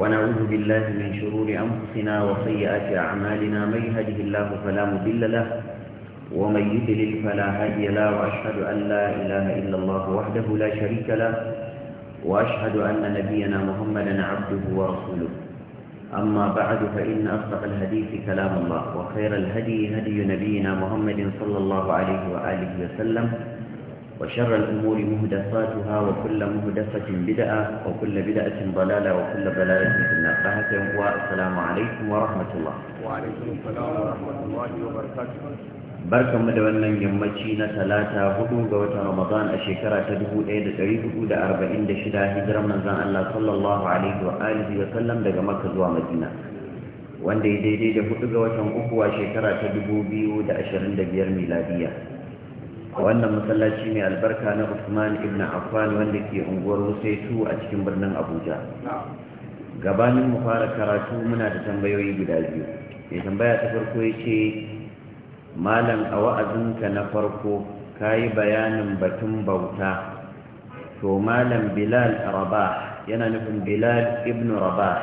ونعوذ بالله من شرور أنفسنا وسيئات أعمالنا من يهده الله فلا مضل له ومن يضلل فلا هادي له وأشهد أن لا إله إلا الله وحده لا شريك له وأشهد أن نبينا محمدا عبده ورسوله أما بعد فإن أصدق الحديث كلام الله وخير الهدي هدي نبينا محمد صلى الله عليه وآله وسلم وشر الأمور مهدفاتها وكل مهدفة بدعة وكل بدعة ضلالة وكل ضلالة في النار والسلام عليكم ورحمة الله وعليكم السلام ورحمة الله وبركاته barkan mu da wannan yammaci na talata hudu ga watan ramadan a shekara ta shida hijirar manzon Allah sallallahu wa alihi wa sallam daga makka zuwa madina wanda ya daidai da hudu ga watan uku a shekara ta 2025 miladiya wannan masallaci mai albarka na Usman ibn Affan wanda ke unguwar Wusaitu a cikin birnin Abuja gabanin mu fara karatu muna da tambayoyi guda biyu mai tambaya ta farko yace malam a wa'azinka na farko kayi bayanin batun bauta to malam Bilal Rabah yana nufin Bilal ibn Rabah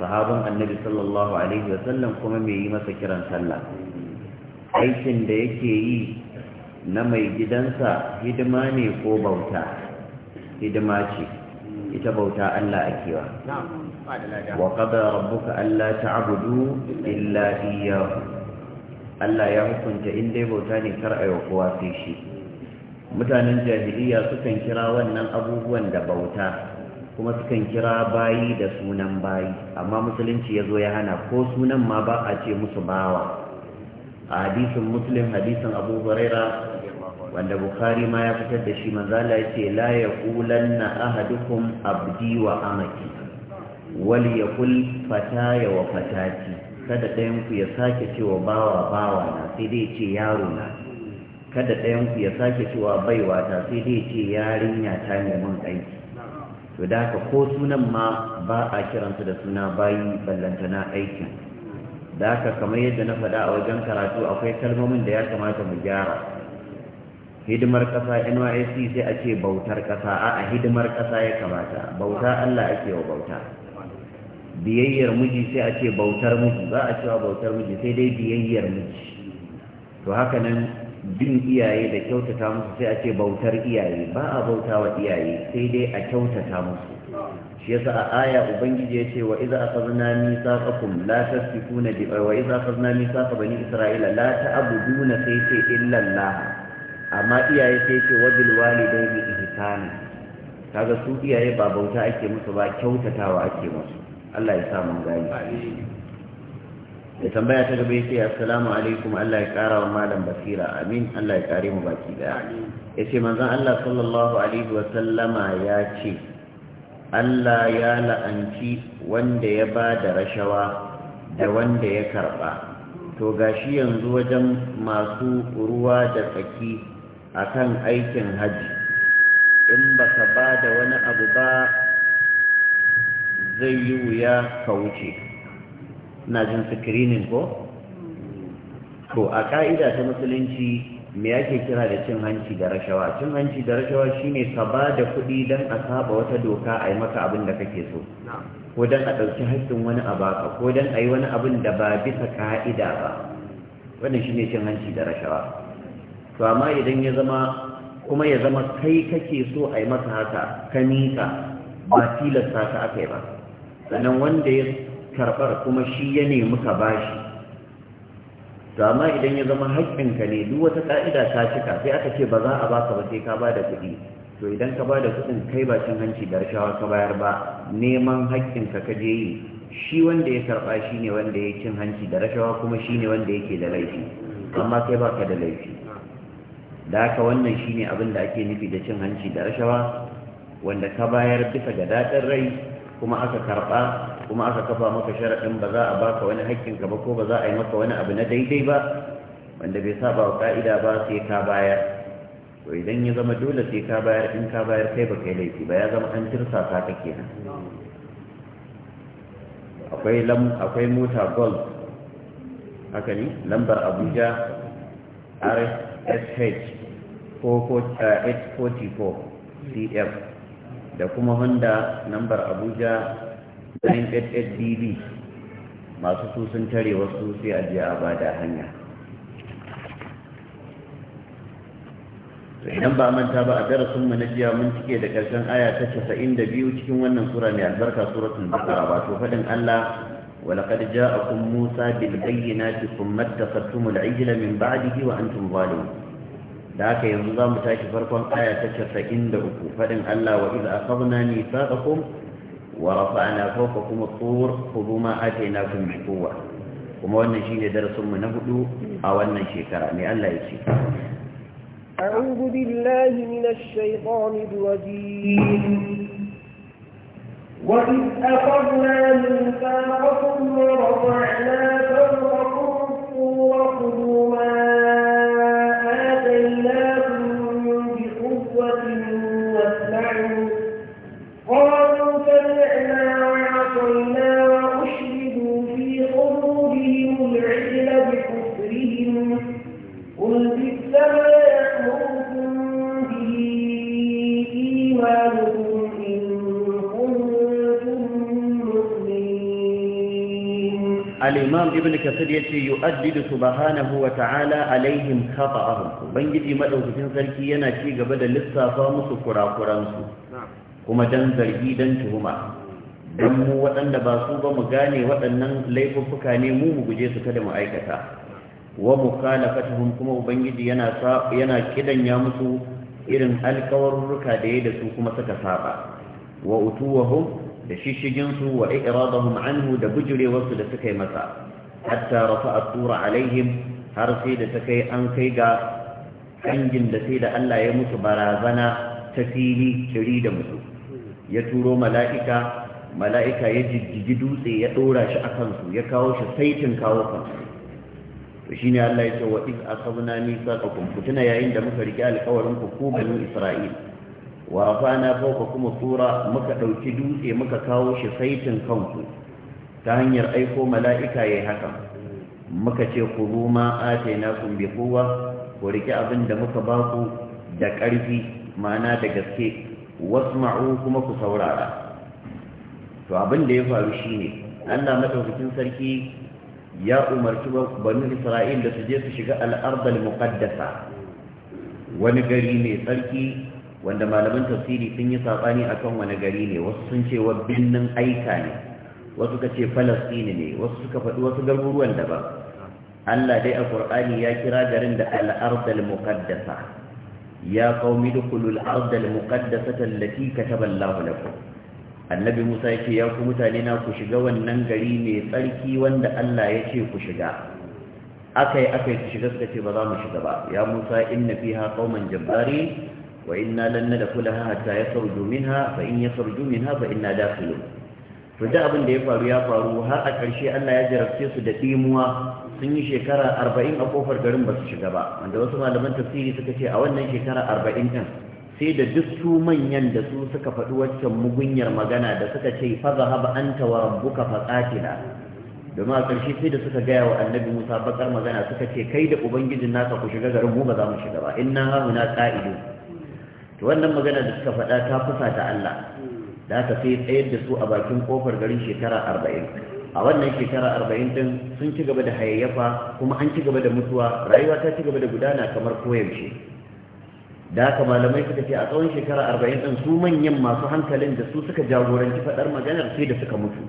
sahabin annabi sallallahu alaihi wasallam kuma mai yi masa kiran sallah aikin da yake yi na mai gidansa hidima ne ko bauta hidima ce ita bauta Allah akewa wa rabuka Allah ta abudu illa iyyahu Allah ya hukunta inda dai bauta ne kar wa kowa sai shi mutanen jahiliya sukan kira wannan abubuwan da bauta kuma sukan kira bayi da sunan bayi amma musulunci ya zo ya hana ko sunan ma ba a ce musu bawa a hadisun muslim hadisun abu wanda bukhari ma ya fitar da shi manzo Allah yace la yaqulanna ahadukum abdi wa amaki. wal yaqul fataya wa fatati kada ɗayanku ya sake cewa bawa bawa na sai dai ce yaro na kada ɗayanku ya sake cewa baiwa ta sai dai ce yarinya ta neman aiki to da haka ko sunan ma ba a kiransu da suna bayi ballantana aikin da haka kamar yadda na faɗa a wajen karatu akwai kalmomin da ya kamata mu gyara hidimar ƙasa NYSC sai a ce bautar ƙasa a hidimar ƙasa ya kamata bauta Allah ake wa bauta biyayyar miji sai a ce bautar miji ba a cewa bautar miji sai dai biyayyar miji to haka nan bin iyaye da kyautata musu sai a ce bautar iyaye ba a bauta wa iyaye sai dai a kyautata musu shi yasa a aya ubangiji ya ce wa iza akhadna mithaqakum la tasfikuna bi wa iza akhadna mithaqa bani isra'ila la ta'buduna sai sai illa Allah amma iyaye sai ce wajen walidai bi ihsani kaga su iyaye ba bauta ake musu ba kyautatawa ake musu Allah ya sa mun gani da tambaya ta gaba sai, assalamu alaikum Allah ya kara wa malam basira amin Allah ya kare mu baki daya yace manzon Allah sallallahu alaihi wa sallama ya ce Allah ya la'anci wanda ya ba da rashawa da wanda ya karba to gashi yanzu wajen masu ruwa da tsaki akan aikin hajji in ba ka ba da wani abu ba zai yi wuya ka wuce na jin sikirinin ko? to a ka'ida ta musulunci me ake kira da cin hanci da rashawa cin hanci da rashawa shine ka ba da kuɗi don a saba wata doka a yi maka abin da kake so ko don a ɗauki haƙƙin wani abaka, ko don a yi wani abin da ba bisa ka'ida ba wannan shine cin hanci da rashawa to amma idan ya zama kuma ya zama kai kake so a yi masa haka ka mika ba tilasta ka aka yi ba sannan wanda ya karɓar kuma shi ya nemi ka bashi to amma idan ya zama haƙƙinka ne duk wata ƙa'ida ta cika sai aka ce ba za a baka ba sai ka ba da kuɗi to idan ka ba da kuɗin kai ba cin hanci da rashawa ka bayar ba neman haƙƙinka ka je yi shi wanda ya karɓa shi ne wanda ya cin hanci da rashawa kuma shi ne wanda yake da laifi amma kai baka da laifi da haka wannan shine abin da ake nufi da cin hanci da rashawa wanda ka bayar bisa ga daɗin rai kuma aka karɓa kuma aka kafa maka sharaɗin ba za a baka wani haƙƙinka ba ko ba za a yi maka wani abu na daidai ba wanda bai saba wa ka'ida ba sai ka bayar to idan ya zama dole sai ka bayar in ka bayar kai ba kai laifi ba ya zama an tirsa ka ke nan akwai lam akwai mota gold haka ne lambar abuja rs sh 844 cf da kuma honda nambar abuja 988db masu susun sun tare wasu sai a je a bada hanya idan ba manta ba a darasin mu na jiya mun cike da karshen aya ta 92 cikin wannan sura mai albarka suratul baqara wato faɗin Allah ولقد جاءكم موسى بالبينات ثم اتخذتم العجل من بعده وانتم ظالمون ذاك ينظم تاج فرقم آية تشف عندك فلن ألا وإذا أخذنا ميثاقكم ورفعنا فوقكم الطور خذوا ما آتيناكم بقوة وما أن شيء درس من نبدو أو أن شيء كرامي ألا يشيء أعوذ بالله من الشيطان الرجيم وإذ أخذنا ميثاقكم ورفعنا فوقكم al'imam ibn kasir ya ce yu'addidu subhanahu wa ta'ala alaihim khata'ahum ubangiji maɗaukacin sarki yana ci gaba da lissafa musu kurakuransu kuma dan zargi dan tuhuma dan mu waɗanda ba su ba mu gane waɗannan laifuffuka ne mu mu guje su kada mu aikata wa mukhalafatuhum kuma ubangiji yana kidanya musu irin alkawarruka da yayi da su kuma suka saba wa utuwahum da shishiginsu wa iradahum anhu da bujurewarsu da suka yi masa hatta rafa'a tura alaihim har sai da ta kai an kai ga kangin da sai da Allah ya musu barazana ta fili kiri da mutu ya turo mala'ika mala'ika ya jijjigi dutse ya dora shi a kansu ya kawo shi saitin kawo kansu to ne Allah ya ce wa iz akhadna mithaqakum kutuna yayin da muka rike alƙawarin ku ku banu isra'ila wa rafana fauka kuma tura muka ɗauki dutse muka kawo shi saitin kanku ta hanyar aiko mala'ika yayi haka muka ce ku khudhu ma atainakum bi kowa? ku rike abin da muka ba ku da ƙarfi ma'ana da gaske wasma'u kuma ku saurara to abin da ya faru shi shine Allah madaukakin sarki ya umarci banu Isra'il da su je su shiga al-ardh al-muqaddasa wani gari mai tsarki wanda malaman tafsiri sun yi sabani akan wani gari ne wasu sun ce wa birnin aika ne wasu ka ce falastini ne wasu suka faɗi wasu garuruwan daban allah dai a Kur'ani ya kira garin da al'ardal muqaddasa ya qaumi dukhulul ardal muqaddasata allati kataba Allahu lakum annabi Musa ce ya ku mutane na ku shiga wannan gari mai tsarki wanda Allah ya ce ku shiga akai akai ku shiga suka ce ba za mu shiga ba ya Musa inna fiha qauman jabbari وإنا لن ندخلها حتى يخرجوا منها فإن يخرجوا منها فإنا داخلون to da abin da ya faru ya faru har a karshe Allah ya jarabce su da ɗimuwa sun yi shekara arba'in a kofar garin ba su shiga ba wanda wasu malaman tafsiri suka ce a wannan shekara arba'in ɗin sai da duk manyan da su suka faɗi waccan mugunyar magana da suka ce faza haba an tawa rabbuka faƙatila domin a ƙarshe sai da suka gaya wa annabi musa baƙar magana suka ce kai da ubangijin naka ku shiga garin mu ba za mu shiga ba inna hamuna ƙa'idu to wannan magana da suka faɗa ta kusa ta Allah da ta sai tsayar da su a bakin kofar garin shekara arba'in a wannan shekara arba'in din sun ci gaba da hayayyafa kuma an ci gaba da mutuwa rayuwa ta ci gaba da gudana kamar koyaushe da haka malamai suka ce a tsawon shekara arba'in din su manyan masu hankalin da su suka jagoranci faɗar maganar sai da suka mutu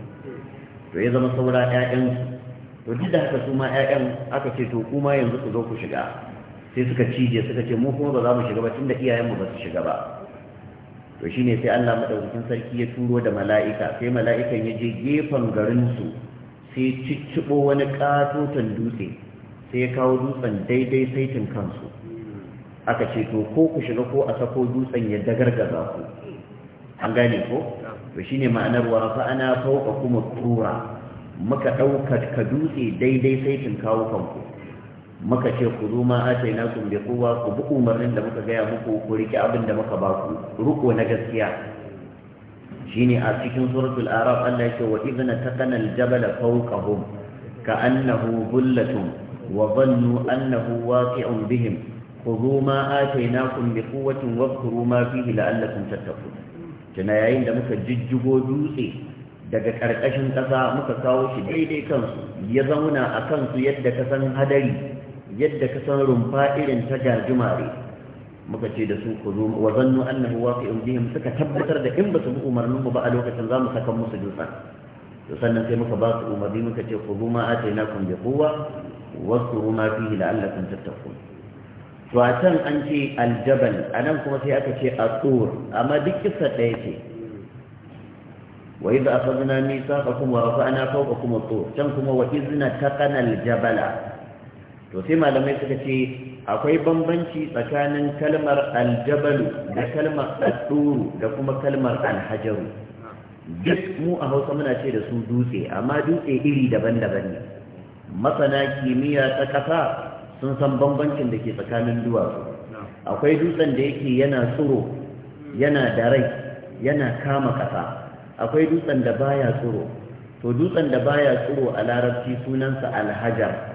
to ya zama saura 'ya'yansu to duk da haka su ma 'ya'yan aka ce to kuma yanzu ku zo ku shiga sai suka cije suka ce mu kuma ba za mu shiga ba tunda iyayenmu ba su shiga ba to shine sai Allah madaukakin sarki ya turo da mala'ika sai mala'ikan ya je gefen garin su sai ciccibo wani katoton dutse sai ya kawo dutsen daidai saitin kansu aka ce to ko ku shiga ko a sako dutsen ya dagargaza ku an gane ko to shine ma'anar wa ana fauka kuma tura muka ka dutse daidai saitin kawo kanku muka ce ku zo ma ataina kun bi kowa ku bi umarnin da muka gaya muku ku riki abin da muka ba ku ruko na gaskiya shine a cikin suratul araf Allah yake wa idna taqana al-jabal fawqahum annahu, bullatun wa dhannu annahu waqi'un bihim khudhu ma atainakum bi quwwatin wadhkuru ma fihi la'allakum tattaqun tana yayin da muka jijjigo dutse daga ƙarƙashin ƙasa muka kawo shi daidai kansu ya zauna a kansu yadda ka san hadari yadda ka san rumfa irin ta gajimare muka ce da su ku zo wa zannu annahu waqi'un bihim suka tabbatar da in ba su bi umarnin mu ba a lokacin za mu saka musu dutsen to sannan sai muka ba su umarni muka ce ku zo ma atainakum bi quwwa waskuru ma fihi la'allakum tattaqun to a can an ce aljabal anan kuma sai aka ce atur amma duk kissa ɗaya ce wa idza akhadna mithaqakum wa rafa'na fawqakum at-tur can kuma wa idza taqana al-jabala to sai malamai suka ce akwai bambanci tsakanin kalmar aljabalu da kalmar adduru da kuma kalmar alhajaru duk mu a hausa muna ce da su dutse amma dutse iri daban-daban ne masana kimiyya ta ƙasa sun san bambancin da ke tsakanin duwatsu akwai dutsen da yake yana tsoro, yana da rai yana kama ƙasa akwai dutsen da baya tsoro, to dutsen da baya tsoro, a larabci sunansa alhajar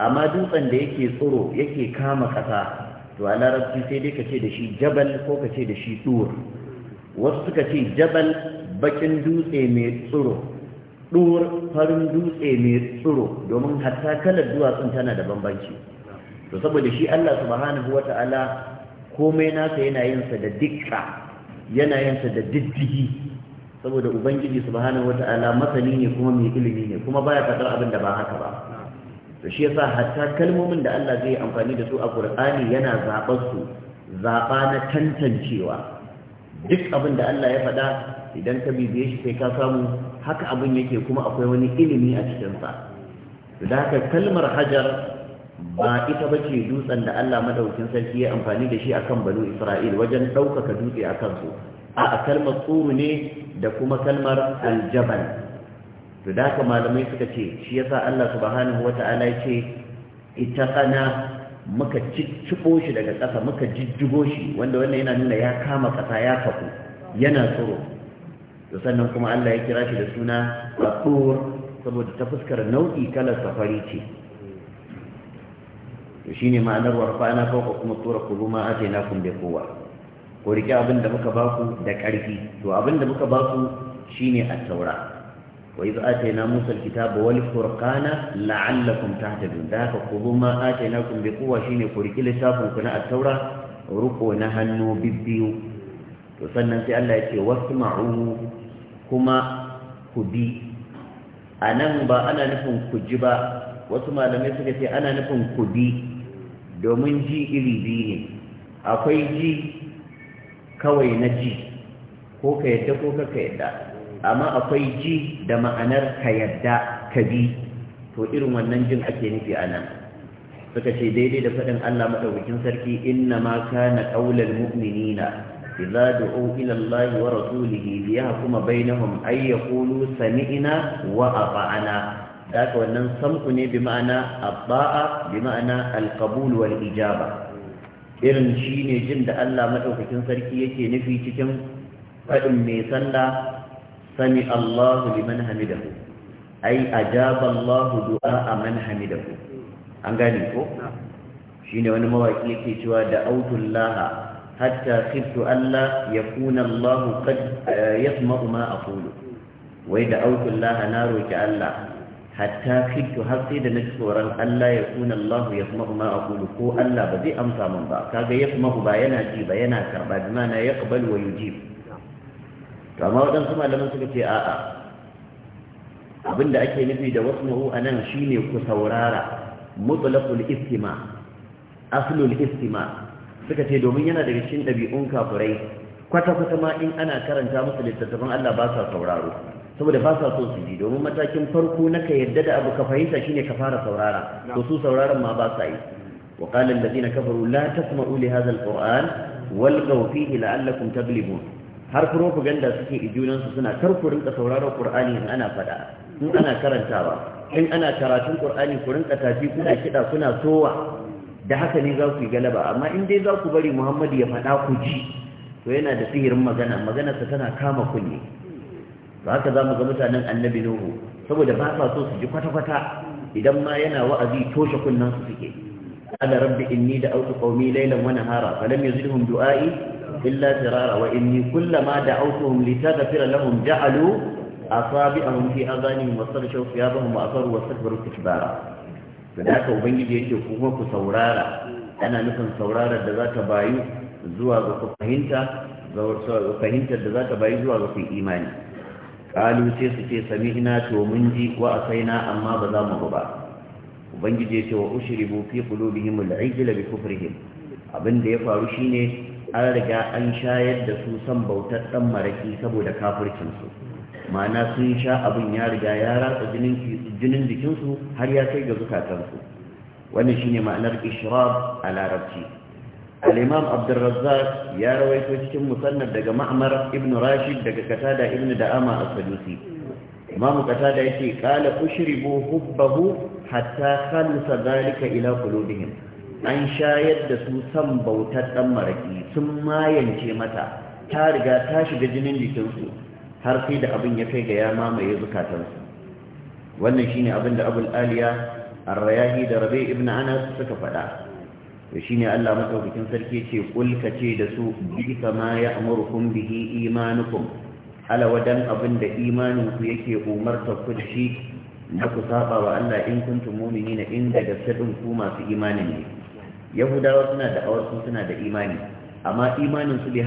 amma dutsen da yake tsoro yake kama ƙasa to a larabci sai dai ka ce da shi jabal ko ka ce da shi dur wasu suka ce jabal bakin dutse mai tsoro dur farin dutse mai tsoro domin hatta kalar duwatsun tana da bambanci to saboda shi Allah subhanahu wa ta'ala komai nasa yana yinsa sa da dikka yana yin da diddigi saboda ubangiji subhanahu wa ta'ala masani ne kuma mai ilimi ne kuma baya fadar abin da ba haka ba to shi yasa hatta kalmomin da Allah zai amfani da su a Qur'ani yana zabar su na tantancewa duk abin da Allah ya faɗa idan ka bibiye shi sai ka samu haka abin yake kuma akwai wani ilimi a cikin sa da haka kalmar hajar ba ita ba ce dutsen da Allah madaukin sarki ya amfani da shi akan banu Isra'il wajen ɗaukaka dutse a kansu a kalmar tsuru ne da kuma kalmar aljabal to da haka malamai suka ce shi yasa Allah subhanahu wata'ala ya ce ittaqana muka cicciɓo shi daga ƙasa muka jijjigo shi wanda wannan yana nuna ya kama ƙasa ya faku yana tsoro to sannan kuma Allah ya kira shi da suna Fatur saboda ta fuskar nau'i kalar safari ce to shine ma'anar warfana fawqa kuma tura kulu atainakum bi quwwa ko rike abinda muka baku da ƙarfi to abinda muka baku shine at-taura وإذ آتينا موسى الكتاب والفرقان لعلكم تهتدون ذاك خذوا ما آتيناكم بقوة شيني قرئ لسافن كنا التوراة رقوا نهنوا بالبيو وسنن سي الله يتي واسمعوا كما كبي أنا با أنا نفهم كجبا وسمع لم يسكتي أنا نفهم كبي domin ji iri biyu ne akwai ji kawai na ji ko ka yadda ko ka yadda amma akwai ji da ma'anar ka yadda ka bi to irin wannan jin ake nufi a nan suka ce daidai da faɗin Allah maɗaukakin sarki inna ma kana qaulal mu'minina idza du'u ila Allah wa rasulihi liyahkuma bainahum ay yaqulu sami'na wa ata'na daga wannan sam'u ne bi ma'ana abba'a bi ma'ana al wal ijaba irin shine jin da Allah maɗaukakin sarki yake nufi cikin faɗin mai sallah sami Allahu liman hamidahu ai ajaba Allahu du'a man hamidahu an gane ko shine wani mawaki yake cewa da autullaha hatta khiftu alla yakuna Allahu qad eh, yasma'u ma aqulu wai da autullaha na roki Allah hatta khiftu har da na tsoron Allah yakuna Allahu yasma'u ma aqulu ko Allah ba zai amsa min ba kaga yasma'u ba yana ji ba yana karba bi ma'ana yaqbalu wa yujib to amma waɗansu malaman suka ce a'a abinda ake nufi da wasma'u a nan shine ku saurara mutlaqul istima aslul istima suka ce domin yana daga cikin ɗabi'un kafurai kwata-kwata ma in ana karanta musu littattafan Allah ba sa sauraro saboda ba sa so su ji domin matakin farko na ka yadda da abu ka fahimta shine ka fara saurara to su sauraron ma ba sa yi wa qala alladhina kafaru la tasma'u li hadha alquran walqaw fihi la'allakum har propaganda suke i junansu suna karku rinka sauraron qur'ani in ana fada in ana karantawa in ana karatun qur'ani ku rinka tafi kuna kida kuna sowa da haka ne za ku yi galaba amma in dai za ku bari muhammadu ya faɗa ku ji to yana da sihirin magana maganarsa tana kama kunne ba haka za mu ga mutanen annabi nuhu saboda ba sa so su ji kwata-kwata idan ma yana wa'azi toshe kunnen su suke ala rabbi inni da autu qaumi laylan wa nahara falam yazidhum du'ai illa firara wa inni kullama da'awtuhum litaghfira lahum ja'alu asabi'ahum fi adhanihim wa sarshaw thiyabahum wa asaru wastakbaru istikbara to da haka ubangiji yake kuma ku saurara ana nufin saurara da za ta bayu zuwa ga ku fahimta fahimtar da za ta zuwa ga kun imani ƙalu sai su ce sami ina to mun ji wa a na amma ba za mu ba ubangiji yace wa ushribu fi qulubihim al bi kufrihim abin da ya faru shine an riga an shayar da su san bautar ɗan maraki saboda kafircinsu ma'ana sun sha abin ya riga ya ratsa jinin jikinsu har ya kai ga zukatansu wannan shine ma'anar ishrab a larabci al-imam ya rawaito cikin musannad daga ma'mar ibn rashid daga katada ibn da'ama a sadusi imam katada yake qala ushribu hubbahu hatta khalasa zalika ila qulubihim an shayar da su san bautar ɗan maraƙi sun mayance mata ta riga ta shiga jinin jikinsu har sai da abin ya kai ga ya mamaye zukatansu wannan shine abin da abul aliya arrayahi da rabe ibn anas suka faɗa Shin shine Allah bikin sarki ce kul ce da su bi kama ya'murukum bihi imanukum ala wadan abin da imaninku yake umarta ku da shi Na ku saba wa Allah in kuntum mu'minina in daga sadin ku masu imanin ne yahudawa suna da awarsu suna da imani amma imanin su bai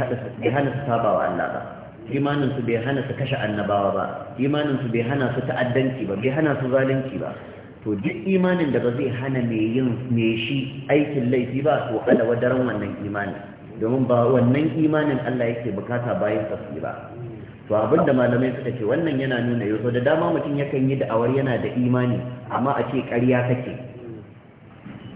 hana su saba Allah ba imanin bai hana su kashe annabawa ba imanin su bai hana su ta'addanci ba bai hana su zalunci ba to duk imanin da ba zai hana mai yin mai shi aikin laifi ba to ala wadaran wannan imanin domin ba wannan imanin Allah yake bukata bayan tafsi ba to abinda malamai suka ce wannan yana nuna yau da dama mutum yakan yi da'awar yana da imani amma a ce ƙarya kake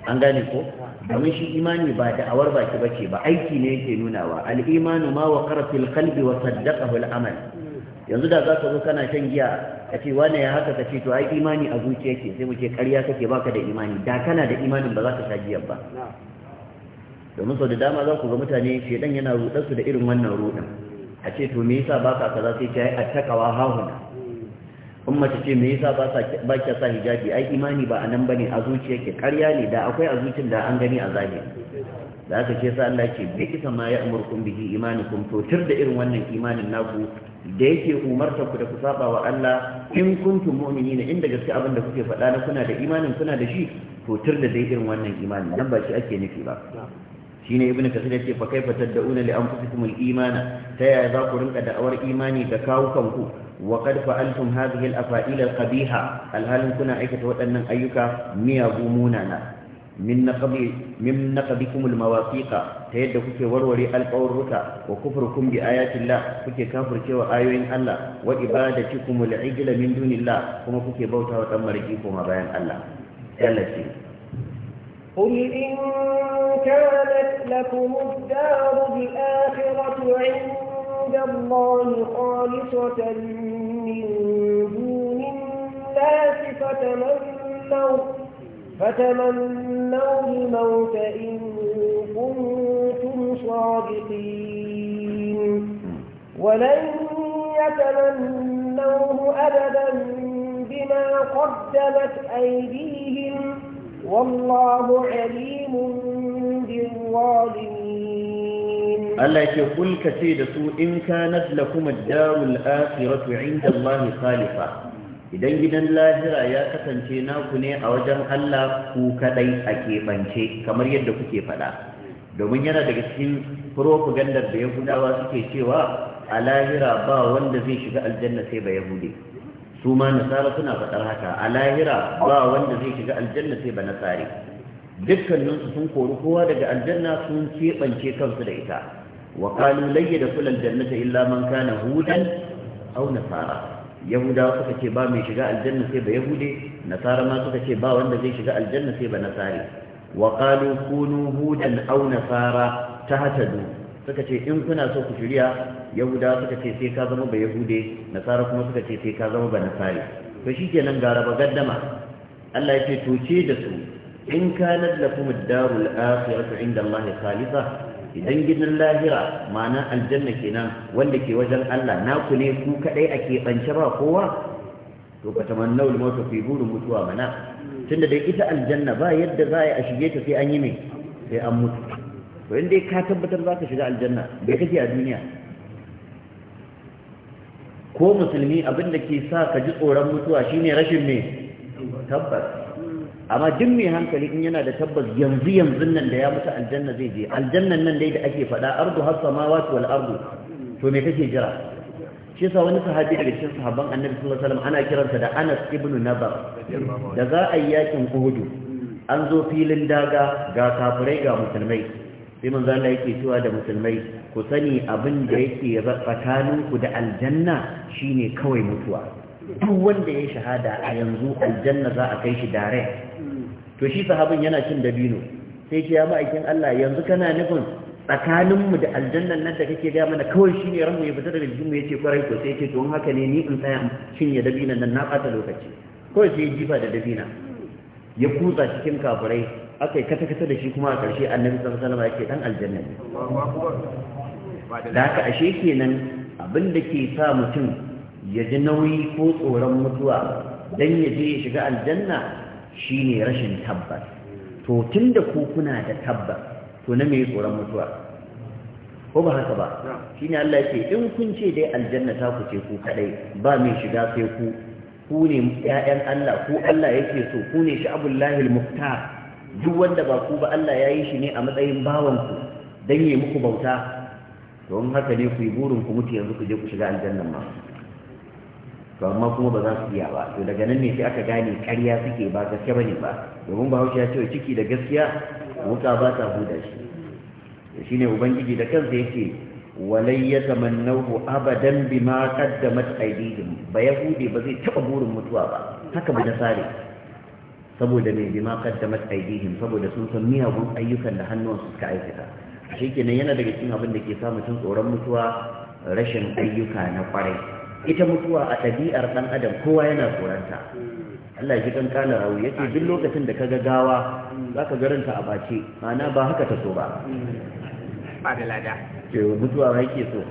an gane ko domin shi imani ba da'awar baki bace ba aiki ne yake nunawa al-imanu ma wa qara fil qalbi wa saddaqahu al-amal yanzu da zaka zo kana shan giya ka ce ya haka kace to ai imani a zuciya yake sai mu ce ƙarya kake baka da imani da kana da imanin ba za ka sha giyar ba domin sau da dama za ku ga mutane dan yana rudar su da irin wannan rudan a ce to me yasa baka kaza sai kai ai attaqawa hahuna in mace ce me yasa ba ba kya sa hijabi ai imani ba nan bane a zuciya ke ƙarya ne da akwai a zuciyar da an gani a zahiri da aka ce sa Allah ce bi kisa ma ya amurkum bihi imanukum to tir da irin wannan imanin naku da yake umarta ku da ku saba wa Allah in kuntum mu'minina inda gaske abin da kuke faɗa na kuna da imanin kuna da shi to tir da dai irin wannan imanin nan ba shi ake nufi ba shine ibnu kasir ce fa kaifa tad'una li anfusikum al-imana ta yaya za ku rinka da'awar imani da kawukan ku وقد فعلتم هذه الأفائل القبيحة الهال كنا عيكة وأن أيك ميابوموننا من نقب من نقبكم المواثيق تيد كوكي وروري القورك وكفركم بآيات الله كوكي كافر كي وآيوين الله وإبادتكم العجل من دون الله كما كوكي بوتا وتمرجيكم بيان الله التي قل إن كانت لكم الدار الآخرة عند عند الله خالصة من دون الناس فتمنوا فتمنوا الموت إن كنتم صادقين ولن يتمنوه أبدا بما قدمت أيديهم والله عليم بالظالمين Allah ya ce kul ka ce da su in kanat lakum kuma darul akhiratu 'inda Allah khalifa idan gidan lahira ya kasance naku ne a wajen Allah ku kadai a keɓance kamar yadda kuke faɗa domin yana daga cikin propagandar da yahudawa suke cewa a lahira ba wanda zai shiga aljanna sai ba yahudi su ma nasara suna faɗar haka a lahira ba wanda zai shiga aljanna sai ba nasari dukkaninsu sun kori kowa daga aljanna sun keɓance kansu da ita وقالوا لن يدخل الجنة إلا من كان هودا أو نصارى يهودا suka ce ba mai shiga aljanna sai ba yahude nasara ma suka ce ba wanda zai shiga aljanna sai ba nasari wa qalu kunu hudan aw nasara tahtadu suka ce in kuna so ku shirya yahuda suka ce sai ka zama ba yahude nasara kuma suka ce sai ka zama ba nasari to shikenan gara ba gaddama Allah ya ce to ce da su in kanat lakum ad-darul akhiratu inda Allah khalisah idan gidan lahira ma'ana aljanna kenan wanda ke wajen Allah naku ne ku kadai a keɓance ba kowa to ka tamannau limauta ku yi burin mutuwa mana tunda dai ita aljanna ba yadda za a shige ta sai an yi mai, sai an mutu to in dai ka tabbatar za ka shiga aljanna bai kake a duniya ko musulmi abin da ke sa ka ji tsoron mutuwa shine rashin me tabbas amma duk mai hankali in yana da tabbas yanzu yanzu nan da ya mutu aljanna zai je aljannan nan dai da ake faɗa ardu har samawati wal ardu to me kake jira shi yasa wani sahabi daga cikin sahabban annabi sallallahu alaihi wasallam ana kiransa da Anas ibn Nabar da za a yi yakin Uhud an zo filin daga ga kafirai ga musulmai sai manzo Allah yake cewa da musulmai ku sani abin da yake tsakaninku da aljanna shine kawai mutuwa duk wanda ya shahada a yanzu aljanna za a kai shi direct to shi sahabin yana cin dabino sai ce ya ma'aikin Allah yanzu kana nufin tsakaninmu da aljannan nan da kake gaya mana kawai shi ne ranmu ya fita daga jikinmu ya ce kwarai ko sai ce to in haka ne ni in tsaya ya dabina nan na ɓata lokaci kawai sai ya jifa da dabina ya kutsa cikin kafirai aka yi kata-kata da shi kuma a ƙarshe annabi sallallahu alaihi wasallam ya ke dan aljanna ne da haka ashe kenan abin da ke sa mutum ya ji nauyi ko tsoron mutuwa dan ya je ya shiga aljanna shine rashin tabbas to tunda ku kuna da tabbas to na mai tsoron mutuwa ko ba haka ba shine Allah yake in kun ce dai aljanna ta ku ce ku kadai ba mai shiga sai ku ku ne ƴaƴan Allah ku Allah yake so ku ne sha'abullahi al-muhtar duk wanda ba ku ba Allah ya yi shi ne a matsayin bawanku don yi muku bauta in haka ne ku yi burin ku mutu yanzu ku je ku shiga aljannan ma to amma kuma ba za su iya ba to daga nan ne sai aka gane ƙarya suke ba gaske bane ba domin ba ya ce ciki da gaskiya wuka ba ta huda shi to shine ubangiji da kansa yake walai ya tamannahu abadan bima qaddamat aydihim ba ya hude ba zai taba burin mutuwa ba haka ba da sare saboda me bima qaddamat aydihim saboda sun san miyagun ayyukan da hannuwan su suka aikata kenan yana daga cikin abin da ke sa mutum tsoron mutuwa rashin ayyuka na kwarai ita mutuwa a ɗabi'ar ɗan adam kowa yana koranta Allah shi kan kala rawu yace duk lokacin da kaga gawa zaka garanta a bace ma'ana ba haka ta so ba ba da lada ce mutuwa ba yake so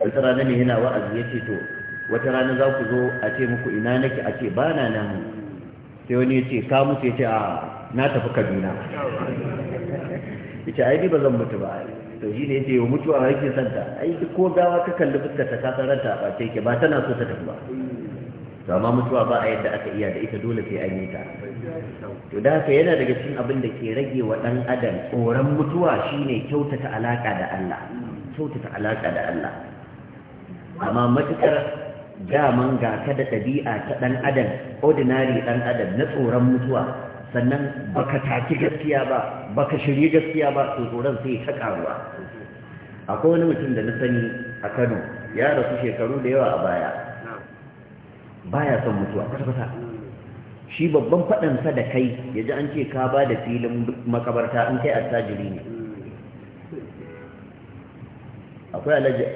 wata rana ne yana wa'azi yace to wata rana za ku zo a ce muku ina nake a ce ba na nan sai wani yace ka mutu yace a na tafi Kaduna yace ai ba zan mutu ba to shi ne yace wa mutuwa ba yake santa ai duk ko gawa ka kalli fuskar ta kasar ranta a bace ke ba tana so ta tafi ba to amma mutuwa ba a yadda aka iya da ita dole sai an yi ta to da haka yana daga cikin abin da ke rage wa ɗan adam tsoron mutuwa shine kyautata alaka da Allah kyautata alaka da Allah amma matukar daman ga da ɗabi'a ta ɗan adam ordinary ɗan adam na tsoron mutuwa sannan baka taki gaskiya ba baka shirye gaskiya ba to tsoron sai ta karuwa akwai wani mutum da na sani a Kano ya rasu shekaru da yawa a baya baya son mutuwa kwata-kwata shi babban faɗansa da kai ya ji an ce ka ba da filin makabarta an kai attajiri ne akwai alhaji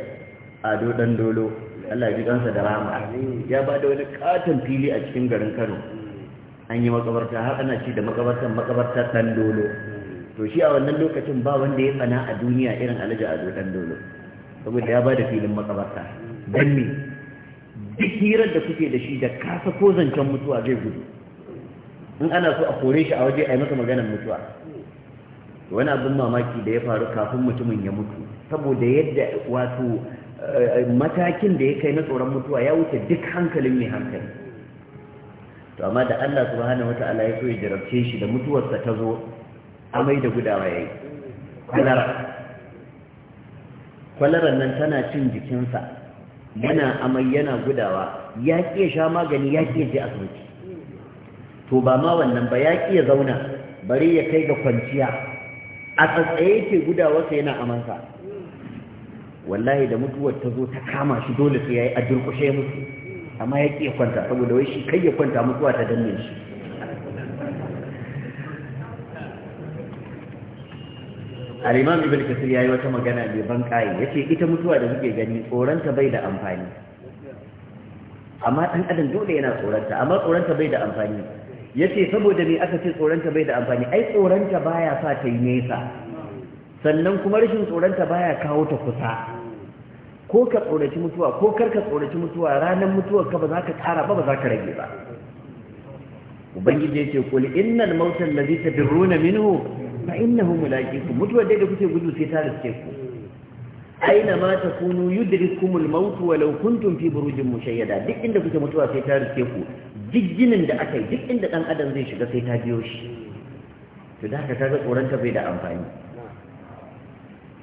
ado dan dolo Allah ya ji kansa da rama ya ba da wani katon fili a cikin garin Kano an yi makabarta har ana ci da makabartan makabarta ɗan dolo to shi a wannan lokacin ba wanda ya tsana a duniya irin alaji ado dan dolo saboda ya ba da filin makabarta dan me duk hirar da kuke da shi da kasa ko zancen mutuwa zai gudu in ana so a kore shi a waje a yi masa maganar mutuwa wani abin mamaki da ya faru kafin mutumin ya mutu saboda yadda wato eh, matakin da ya kai na tsoron mutuwa ya wuce duk hankalin mai hankali to amma da Allah subhanahu wata'ala ya so ya jarabce shi da mutuwarsa ta zo amai da gudawa yayi kwalara kwalaran nan tana cin jikinsa yana amai yana gudawa ya sha magani ya je asibiti to ba ma wannan ba ya zauna bari ya kai ga kwanciya a tsatsaye yake gudawarsa yana amansa wallahi da mutuwar ta zo ta kama shi dole sai ya yi a durƙushe mutu amma ya ƙi ya kwanta saboda wai shi kai ya kwanta mutuwa ta danne shi al'imam ibn kasir ya yi wata magana mai ban ƙaye ya ce ita mutuwa da suke gani tsoronta bai da amfani amma ɗan adam dole yana tsoronta amma tsoronta bai da amfani ya ce saboda me aka ce tsoronta bai da amfani ai tsoronta baya sa ta yi nesa sannan kuma rashin tsoronta baya kawo ta kusa ko ka tsoraci mutuwa ko kar ka tsoraci mutuwa ranar mutuwar ka ba za ka kara ba ba za ka rage ba ubangiji ya ce kul innal mauta allazi tadruna minhu fa innahu mulaqikum mutuwar dai da kuke gudu sai ta riske ku aina ma takunu yudrikumul maut walau kuntum fi burujin mushayyada duk inda kuke mutuwa sai ta riske ku jijjinin da aka yi duk inda dan adam zai shiga sai ta biyo shi to da haka kaga ga ta bai da amfani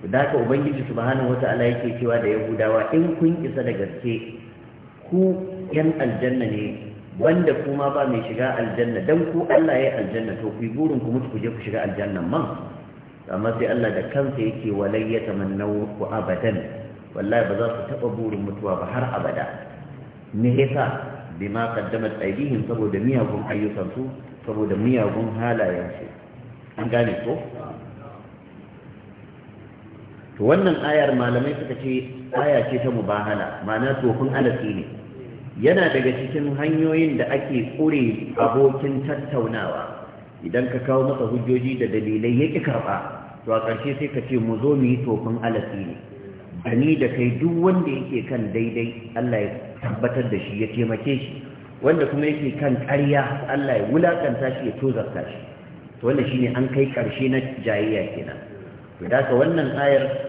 da haka ubangiji subhanahu wata'ala yake cewa da yahudawa in kun isa da gaske ku yan aljanna ne wanda kuma ba mai shiga aljanna dan ku Allah ya yi aljanna to ku burin ku mutu ku je ku shiga aljannan man amma sai Allah da kansa yake walai ya tamannawu ku abadan wallahi ba za su taba burin mutuwa ba har abada me yasa bima qaddamat aydihim saboda miyagun ayyukan su saboda miyagun halayensu su an gane ko to wannan ayar malamai suka ce aya ce ta mubahala ma'ana tofin alasi ne yana daga cikin hanyoyin da ake ƙure abokin tattaunawa idan ka kawo masa hujjoji da dalilai ya ƙi karɓa to a ƙarshe sai ka ce mu zo mu yi tofin alasi ne da ni da kai duk wanda yake kan daidai Allah ya tabbatar da shi ya taimake shi wanda kuma yake kan karya. Allah ya wulaƙanta shi ya tozarta shi to shi shine an kai ƙarshe na jayayya kenan da ka wannan ayar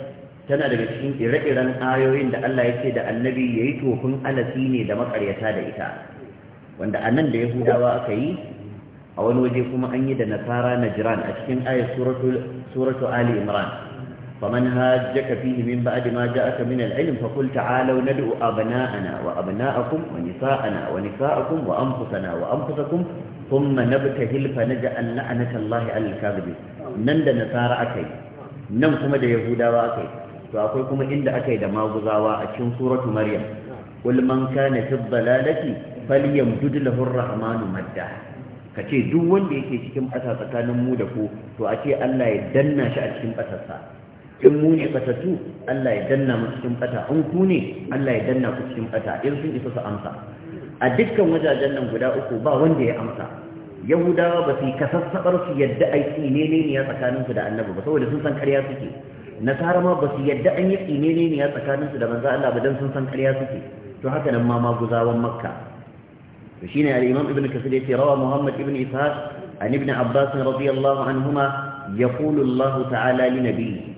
tana daga cikin ire-iren ayoyin da Allah ya ce da annabi ya yi tofin alasi ne da makaryata da ita wanda a nan da yahudawa aka yi a wani waje kuma an yi da nasara na jiran a cikin ayat suratu ali imran فمن هاجك فيه ana بعد ما جاءك من العلم فقل تعالوا ندعو أبناءنا وأبناءكم ونساءنا ونساءكم وأنفسنا وأنفسكم ثم نبتهل فنجعل nan da nasara الكاذبين نند نصارى أكي نم كما يهودا وأكي to akwai kuma inda aka yi da maguzawa a cikin suratu maryam qul man kana fi dhalalati falyamdud lahu ar-rahmanu madda kace duk wanda yake cikin ƙasa tsakanin mu da ku to a ce Allah ya danna shi a cikin ƙasarsa in mu ne fatatu? Allah ya danna mu cikin ƙasa in ku ne Allah ya danna ku cikin ƙasa in sun isa su amsa a dukkan wajajen nan guda uku ba wanda ya amsa yahudawa ba su yi kasassabar su yadda aiki ne ne ya tsakaninsu da annabi ba saboda sun san ƙarya suke nasara ma ba su yadda an yi tsinene ne tsakanin su da manzo Allah ba dan sun san ƙarya suke to haka nan ma maguzawan makka to shine al-imam ibn kasir yace rawa muhammad ibn ishaq an ibn abbas radiyallahu anhuma yaqulu Allah ta'ala li nabiyyi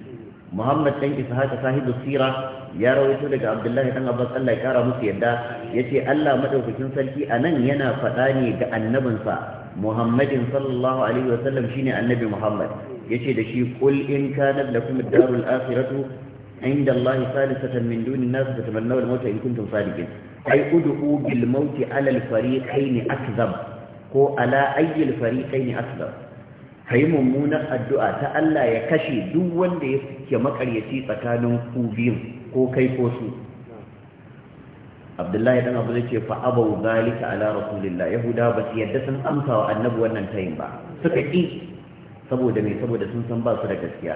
muhammad dan ishaq sahibu sira ya rawaito daga abdullahi dan abbas Allah ya kara musu yadda yace Allah madaukakin sarki anan yana faɗa ne ga annabinsa muhammadin sallallahu alaihi wasallam shine annabi muhammad yace da shi qul in kana lakum ad-darul akhiratu inda Allah salisatan min duni nas tatamannaw al-maut in kuntum sadiqin ay ud'u bil maut ala al-fariqayn akzab ko ala ayyi al-fariqayn akzab kai mummunar addu'a ta Allah ya kashe duk wanda yake makaryaci tsakanin ku biyun ko kai ko su abdullahi dan abu zai ce fa abau zalika ala rasulillah yahuda ba su yadda sun amsa wa annabi wannan tayin ba suka ki saboda me saboda sun san ba su da gaskiya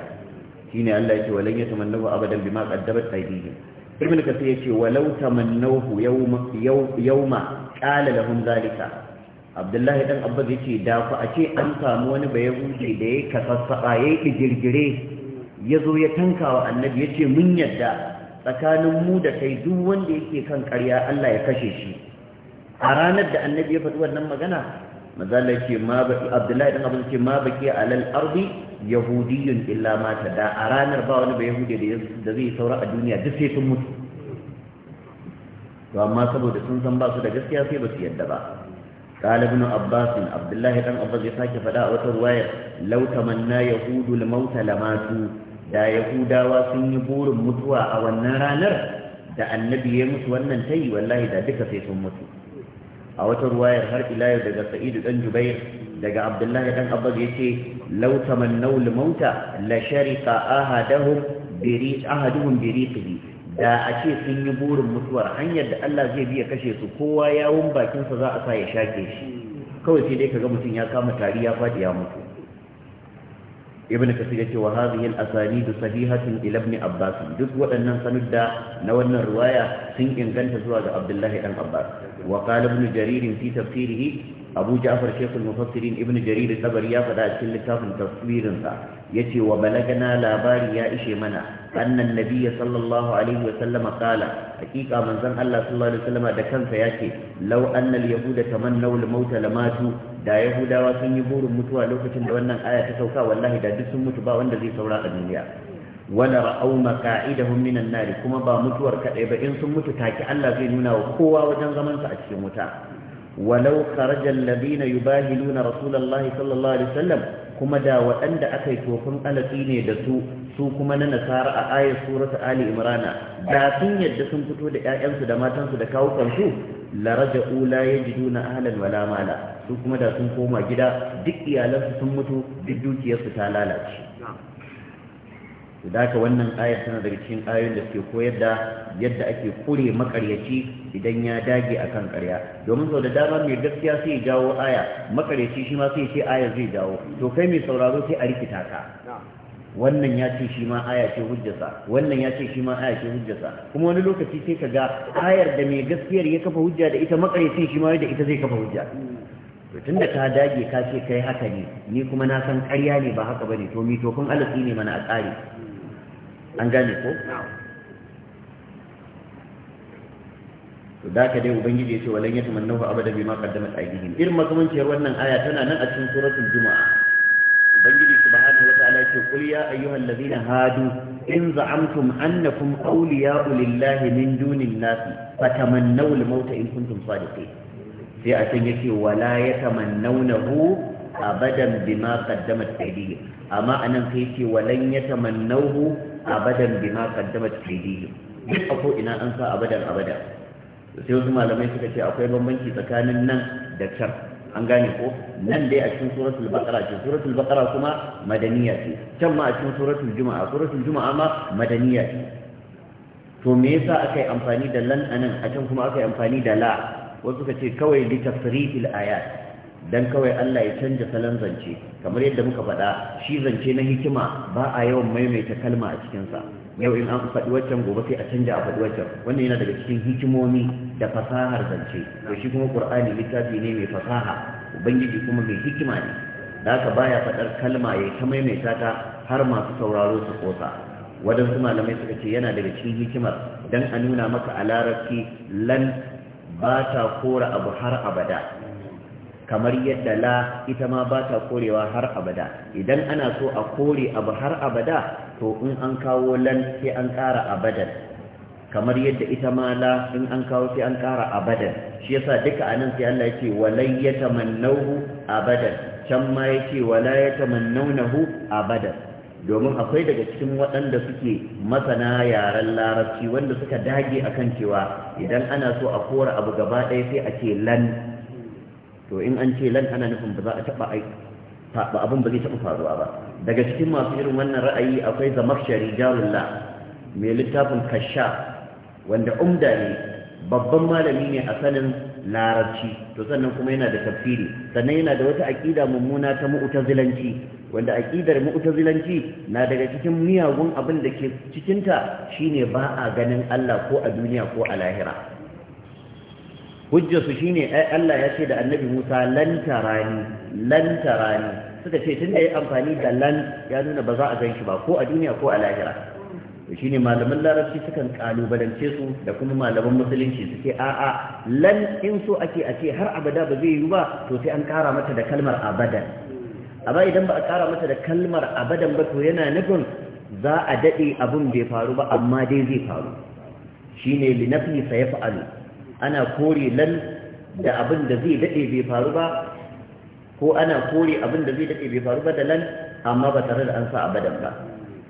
ne Allah yake walan yatamannahu abadan bima qaddabat aydihim ibn kasir yace walau tamannahu yawma yawma qala lahum zalika abdullahi dan abbas ce da ku a ce an samu wani bayahudi da ya kasassaba ya yi girgire ya zo ya tanka wa annabi ya ce mun yadda tsakanin mu da kai duk wanda yake kan ƙarya allah ya kashe shi a ranar da annabi ya faɗi wannan magana mazalai ce ma abdullahi dan abin ce ma baki alal ardi yahudiyun illa mata da a ranar ba wani ba yahudi da zai saura a duniya duk sai sun mutu to amma saboda sun san ba su da gaskiya sai ba su yadda ba qala ibn abbas abdullahi dan abbas ya sake fada a wata ruwaya law tamanna yahudul lamatu da yahudawa sun yi burin mutuwa a wannan ranar da annabi ya mutu wannan tayi wallahi da duka sai sun mutu a wata ruwayar har ila yau daga sa'idu dan jubair daga abdullahi dan abbas yace law tamannaw mauta la sharika ahaduhum bi ahaduhum bi da a ce sun yi burin mutuwar hanyar da Allah zai biya kashe su kowa yawun bakinsa za a sa ya shake shi kawai sai dai kaga mutum ya kama tari ya fadi ya mutu ibn kasir yace wa hadhihi al-asanid sahihatun ila ibn abbas duk waɗannan sanudda na wannan riwaya sun inganta zuwa ga abdullahi dan abbas wa qala ibn jarir fi tafsirihi abu ja'far shaykh al-mufassirin ibn jarir tabari ya faɗa cikin littafin tafsirinsa yace wa balagana labari ya ishe mana أن النبي صلى الله عليه وسلم قال حقيقة من ذن الله صلى الله عليه وسلم ده كان فياكي لو أن اليهود تمنوا الموت لماتوا دا يهودا وسن يبور متوا لوكة دوانا آية سوكا والله دا دس متبا وان ذي سوراء الدنيا ولا رأوا مقاعدهم من النار كما با متور كأيبا إن سمتوا تاكي الله زي نونا وقوة وجن زمن سأتشي متا ولو خرج الذين يباهلون رسول الله صلى الله عليه وسلم كما دا وأن دا أكي توفن ألتيني دسو su kuma na nasara a ayar surata ali imrana da sun yadda sun fito da ƴaƴansu da matansu da kawukansu la raja'u la yajiduna ahlan wala mala su kuma da sun koma gida duk iyalansu sun mutu duk dukiyarsu ta lalace da wannan ayar tana daga cikin ayoyin da suke koyar da yadda ake kure makaryaci idan ya dage akan karya domin sau da dama mai gaskiya sai jawo aya makaryaci shi ma sai ce aya zai jawo to kai mai sauraro sai a rikita ka wannan ya ce shi ma aya ce hujjasa wannan ya ce shi ma aya ce hujjasa kuma wani lokaci sai ka ga ayar da mai gaskiyar ya kafa hujja da ita makaryacin shi ma da ita zai kafa hujja to tunda ka dage ka ce kai haka ne ni kuma na san ƙarya ne ba haka bane to mi to kun alasi ne mana a tsari an gane ko to da ka dai ubangiji ya ce walan yatamannahu abada ma qaddamat aydihim irin makamanciyar wannan aya tana nan a cikin suratul juma'a ubangiji subhanahu wa yake kul ya ayyuhal ladina hadu in za'amtum annakum awliya'u lillahi min dunin nasi fatamannaw al-maut in kuntum sadiqin sai a can yake wala yatamannawnahu abadan bima qaddamat aydihim amma anan sai yake walan yatamannahu abadan bima qaddamat aydihim duk a ko ina an sa abadan abada sai wasu malamai suka ce akwai bambanci tsakanin nan da can an gane ko nan dai a cikin suratul baqara ce suratul baqara kuma madaniya ce can ma a cikin suratul juma'a suratul juma'a ma madaniya ce to me yasa aka yi amfani da lan anan a can kuma aka yi amfani da la wasu suka ce kawai li tafsiril ayat dan kawai Allah ya canja salon zance kamar yadda muka faɗa shi zance na hikima ba a yawan maimaita kalma a cikinsa yau in an faɗi waccan gobe sai a canja a faɗi waccan wannan yana daga cikin hikimomi da fasahar zance to shi kuma qur'ani littafi ne mai fasaha ubangiji kuma mai hikima ne da aka baya faɗar kalma ya ta maimaita ta har masu sauraro su kosa wadansu malamai suka ce yana daga cikin hikimar dan a nuna maka a larabci lan ba ta kora abu har abada kamar yadda la ita ma ba ta korewa har abada idan ana so a kore abu har abada to in an kawo lan sai an ƙara abadan kamar yadda ita ma la in an kawo sai an ƙara abadan shi yasa duka anan sai Allah yake walai yatamannahu abadan can ma yake wala yatamannawnahu abadan domin akwai daga cikin waɗanda suke masana yaren larabci wanda suka dage akan cewa idan ana so a kora abu gaba ɗaya sai a ce lan to in an ce lan ana nufin ba za a taɓa abin ba zai taɓa faruwa ba daga cikin masu irin wannan ra'ayi akwai zamakshari jarullah mai littafin kasha wanda umda ne babban malami ne a sanin larabci to sannan kuma yana da tafsiri sannan yana da wata aƙida mummuna ta mu'tazilanci wanda aƙidar mu'tazilanci na daga cikin miyagun abin da ke cikinta shine ba a ganin Allah ko a duniya ko a lahira hujjarsu shine ai Allah ya ce da annabi Musa lan tarani lan tarani suka ce tun da ya amfani da lan ya nuna ba za a gan shi ba ko a duniya ko a lahira shi ne malaman larabci sukan kalubalance su da kuma malaman musulunci suke a'a lan in so ake a ce har abada ba zai yi ba to sai an kara mata da kalmar abadan amma idan ba a kara mata da kalmar abadan ba to yana nufin za a daɗe abun bai faru ba amma dai zai faru shi ne linafi sa ya fa'alu ana kore lan da abin da zai daɗe bai faru ba ko ana kore abin da zai daɗe bai faru badalan amma ba tare da an sa abadan ba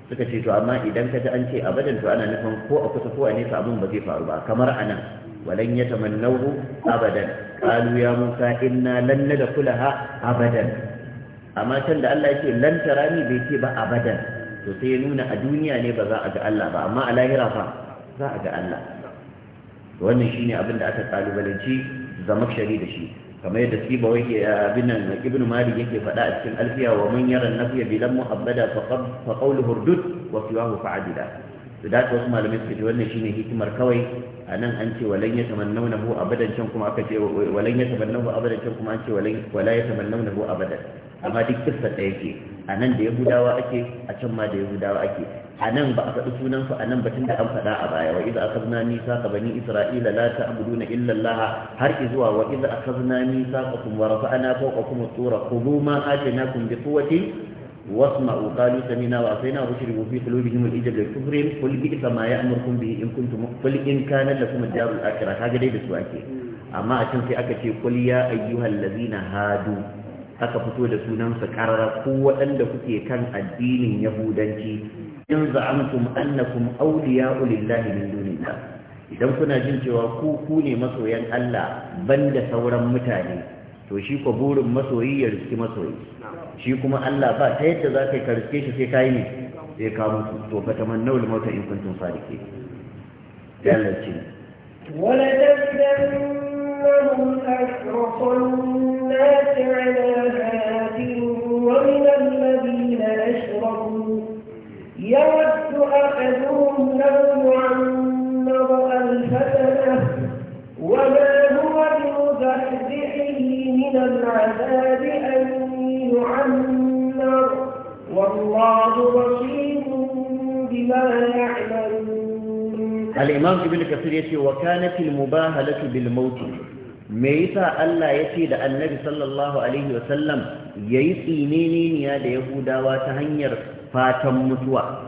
suka ce to amma idan ka ji an ce abadan to ana nufin ko a kusa ko a nesa abin ba zai faru ba kamar a nan walan ya tamannahu abadan qalu ya musa inna lan nadkhulaha abadan amma can da Allah yake lan tarani bai ce ba abadan to sai ya nuna a duniya ne ba za a ga Allah ba amma a lahira fa za a ga Allah wannan shine abin da aka kalubalanci shari da shi kamar yadda siba wake abin nan ibn malik yake faɗa a cikin alfiya wa man yara nafiya bilan muhabbada fa qawlu hurdud wa siwahu fa'adila to da wasu malamai suke ce wannan shine hikimar kawai a nan an ce walan ya tamannawna hu abadan can kuma aka ce walan ya tamannahu abadan can kuma an ce walan ya tamannawna abadan amma duk kissa ɗaya ke a nan da yahudawa ake a can ma da yahudawa ake a nan ba a faɗi sunansu a nan batun da an faɗa a baya wa iza nisa mithaqa bani isra'ila la ta'buduna illa allah har zuwa wa iza akhadna mithaqakum wa rafa'na fawqakum at-tura khudhu ma atainakum bi quwwatin واسمعوا قالوا سمعنا وعصينا واشربوا في قلوبهم الاجل لكفرهم قل in ka nan da kuma كنتم قل ان كان لكم الدار الاخره هذا دي بسواكي اما عشان في اكتي قل يا ايها الذين hadu. aka fito da sunansa karara ko waɗanda kuke kan addinin yahudanci in za'amtum annakum awliya'u lillahi min dunillah idan kuna jin cewa ku ku ne masoyan Allah banda sauran mutane to shi ko burin masoyi ya riski masoyi shi kuma Allah ba ta yadda za ka yi shi sai kai ne sai ka mutu to fa tamannau lil mauta in kuntum sadiqin ya Allah ce wala لهم على هذه ومن الذين أشرفوا يود أحدهم لو يعمر ألف وما هو بمزحزحه من العذاب أن يعمر والله بصير بما يعملون الإمام ابن كثير يقول وكانت المباهلة بالموت me yasa Allah ya ce da annabi sallallahu alaihi wasallam ya yi da yahudawa ta hanyar fatan mutuwa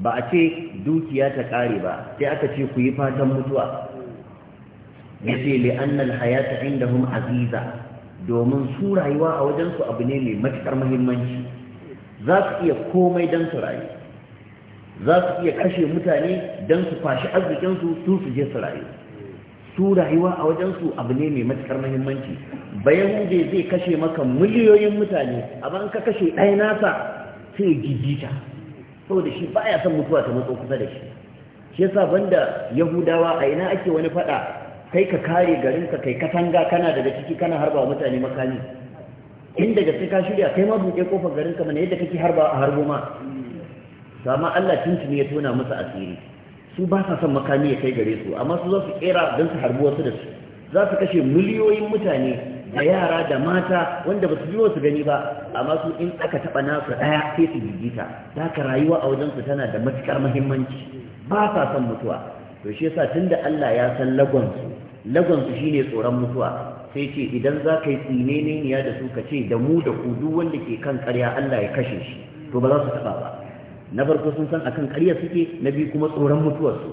ba a ce dukiya ta kare ba sai aka ce ku yi fatan mutuwa ya ce li'annal hayata indahum aziza domin su rayuwa a wajen su abu ne mai matukar muhimmanci za su iya komai don su rayu za su iya kashe mutane don su fashi arzikinsu su su je su rayu su rayuwa a wajen su abu ne mai matukar muhimmanci bayahude zai kashe maka miliyoyin mutane A ban ka kashe ɗaya nasa sai gigita saboda shi ba ya son mutuwa ta matso kusa da shi shi yasa banda yahudawa a ina ake wani faɗa, kai ka kare garin ka kai katanga kana daga ciki kana harba mutane makami in daga sai ka shirya kai ma buɗe kofar ka, mana yadda kake harba a harbo ma sama Allah tuntuni ya tona masa asiri su ba sa son makami ya kai gare su amma su za su kera don su harbuwa wasu da su za su kashe miliyoyin mutane da yara da mata wanda ba su ji wasu gani ba amma su in aka taɓa nasu ɗaya sai su gigita ta haka rayuwa a su tana da matuƙar muhimmanci ba sa son mutuwa to shi yasa da Allah ya san lagonsu lagonsu shine tsoron mutuwa sai ce idan za ka yi tsinene ya da su ka ce da mu da ku duk wanda ke kan karya Allah ya kashe shi to ba za su taɓa ba na farko sun san akan ƙarya suke na biyu kuma tsoron mutuwarsu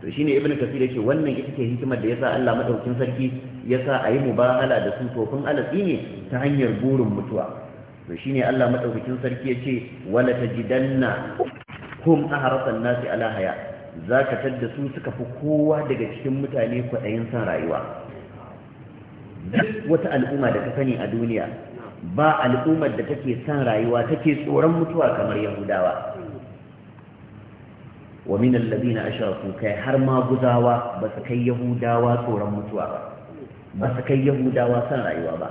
to shine ibnu kafir yake wannan ita ce hikimar da yasa Allah madaukin sarki yasa ayi mubahala da su tofin alatsi ne ta hanyar burin mutuwa to shine Allah madaukakin sarki yace wala tajidanna hum ahrasan nasi ala haya zaka tadda su suka fi kowa daga cikin mutane kwaɗayin san rayuwa duk wata al'umma da ka sani a duniya ba al'ummar da take san rayuwa take tsoron mutuwa kamar yahudawa wa min alladhina ashraku kai har ma guzawa ba su kai yahudawa tsoron mutuwa ba ba su kai yahudawa san rayuwa ba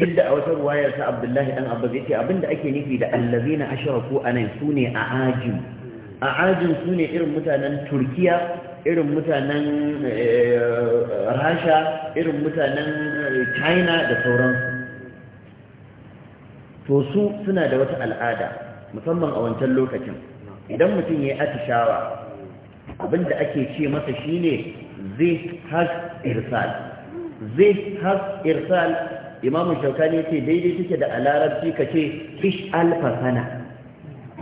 duk da a wata ruwayar abdullahi dan abbas ce abinda ake nufi da allazina ashraku anan sune a ajin a ajin sune irin mutanen turkiya irin mutanen eh, rasha irin mutanen eh, china da sauransu to su suna da wata al'ada musamman a wancan lokacin idan mutum ya yi atishawa abinda ake ce masa shine zai has irsal zai has irsal imamu shaukani ce daidai take da a ka ce ish alfasana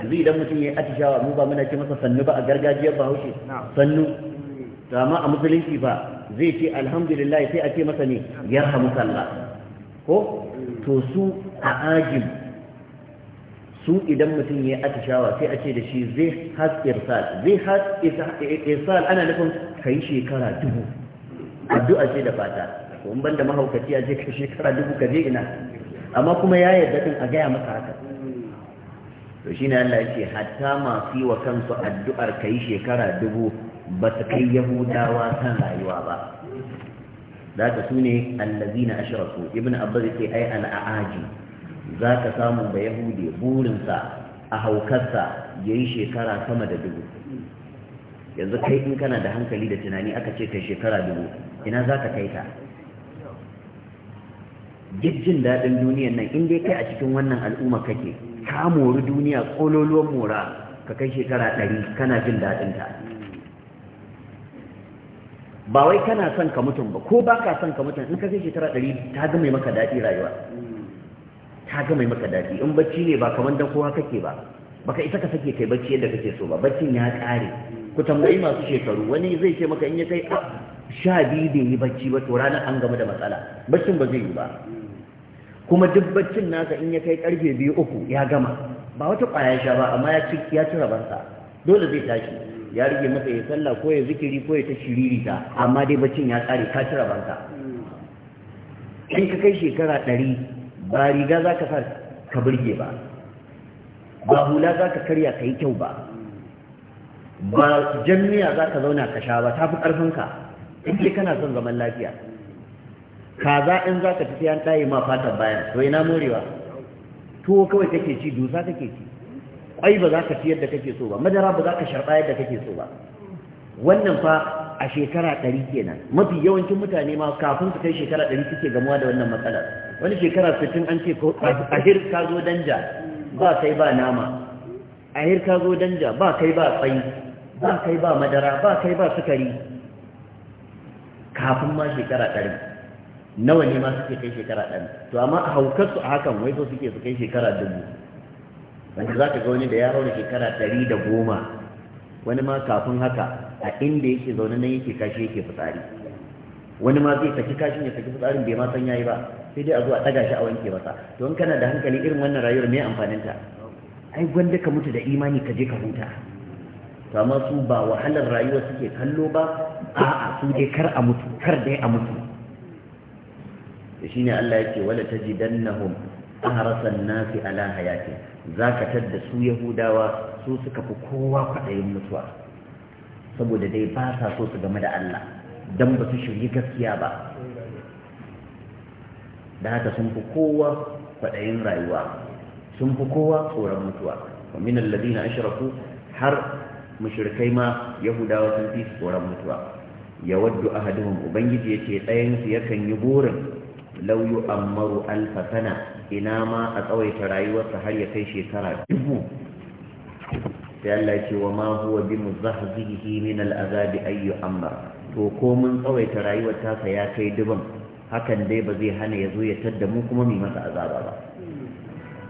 yanzu idan mutum ya yi atishawa mu ba muna ce masa sannu ba a gargajiyar ba bahaushe sannu to amma a musulunci ba zai ce alhamdulillah sai a ce masa ne ya hamu sallah ko to su a ajin su idan mutum ya yi atishawa sai a ce da shi zai has irsal zai has irsal ana nufin ka yi shekara dubu addu'a ce da fata to in banda mahaukaci a je ka shekara dubu ka je ina amma kuma ya yarda din a gaya maka haka to shine Allah ya ce hatta masu yi wa kansu addu'ar ka yi shekara dubu ba su kai yahudawa kan rayuwa ba za ta su ne allazina ashraku ibnu abbas yake ai al'aji za ka samu ba yahudi burinsa a haukarsa ya yi shekara sama da dubu yanzu kai in kana da hankali da tunani aka ce kai shekara dubu ina za ka kai ta Gijjin jin daɗin duniyan nan in dai kai a cikin wannan al'umma kake ka mori duniya ƙololuwan mora ka kai shekara ɗari kana jin daɗin ta ba wai kana son ka mutum ba ko ba ka son ka mutum in ka kai shekara ɗari ta zama maka daɗi rayuwa ka ga mai maka daɗi in bacci ne ba kamar dan kowa kake ba baka isa ka sake kai bacci yadda kake so ba baccin ya ƙare ku tambayi masu shekaru wani zai ce maka in ya kai sha biyu bai yi bacci ba to ranar an gama da matsala baccin ba zai yi ba kuma duk baccin naka in ya kai karfe biyu uku ya gama ba wata kwaya sha ba amma ya ci ya ci rabansa dole zai tashi ya rige masa ya sallah ko ya zikiri ko ya ta shiririta amma dai baccin ya kare ka ci rabansa in ka kai shekara ɗari ba riga za ka ka burge ba ba hula za ka karya ka yi kyau ba ba jami'a za ka zauna ka sha ba ta fi ƙarfinka in kana son zaman lafiya kaza in za ka tafi an ɗaye ma fatan bayan to ina morewa To kawai take ci dusa take ci ƙwai ba za ka ci yadda kake so ba madara ba za ka sharɓa yadda kake so ba wannan fa a shekara ɗari kenan mafi yawancin mutane ma kafin su kai shekara ɗari suke gamuwa da wannan matsalar wani shekara sittin an ce ahir ka zo danja ba kai ba nama ahir ka zo danja ba kai ba tsayi ba kai ba madara ba kai ba sukari kafin ma shekara ɗari nawa ne ma suke kai shekara ɗari to amma a haukar su a hakan wai so suke su kai shekara dubu wanda za ka ga wani da ya haura shekara ɗari da goma wani ma kafin haka a inda yake zaune nan yake kashi yake fitsari wani ma zai saki kashin ya saki fitsarin bai ma san yayi ba sai dai a zuwa a ɗaga shi a wanke masa to kana da hankali irin wannan rayuwar mai amfanin ta ai gwanda ka mutu da imani ka je ka huta to amma su ba wahalar rayuwa suke kallo ba a'a su dai kar a mutu kar dai a mutu to shine Allah yake wala tajidannahum ahrasan nasi ala hayati zaka tadda su yahudawa su suka fi kowa kwaɗayin mutuwa saboda dai ba sa so su game da Allah dan ba su shirye gaskiya ba da haka sun fi kowa kwaɗayin rayuwa sun fi kowa tsoron mutuwa wa min alladhina ashraku har mushrikai ma yahudawa sun fi tsoron mutuwa ya waddu ahaduhum ubangiji yace ɗayan su yakan yi burin lauyu ammaru alfa sana ina ma a tsawaita rayuwarsa har ya kai shekara dubu sai Allah ce wa ma huwa bi muzahzihi min al'azabi ayyu ammar to ko mun tsawaita rayuwar ta ya kai duban hakan dai ba zai hana ya zo ya tadda mu kuma mai masa azaba ba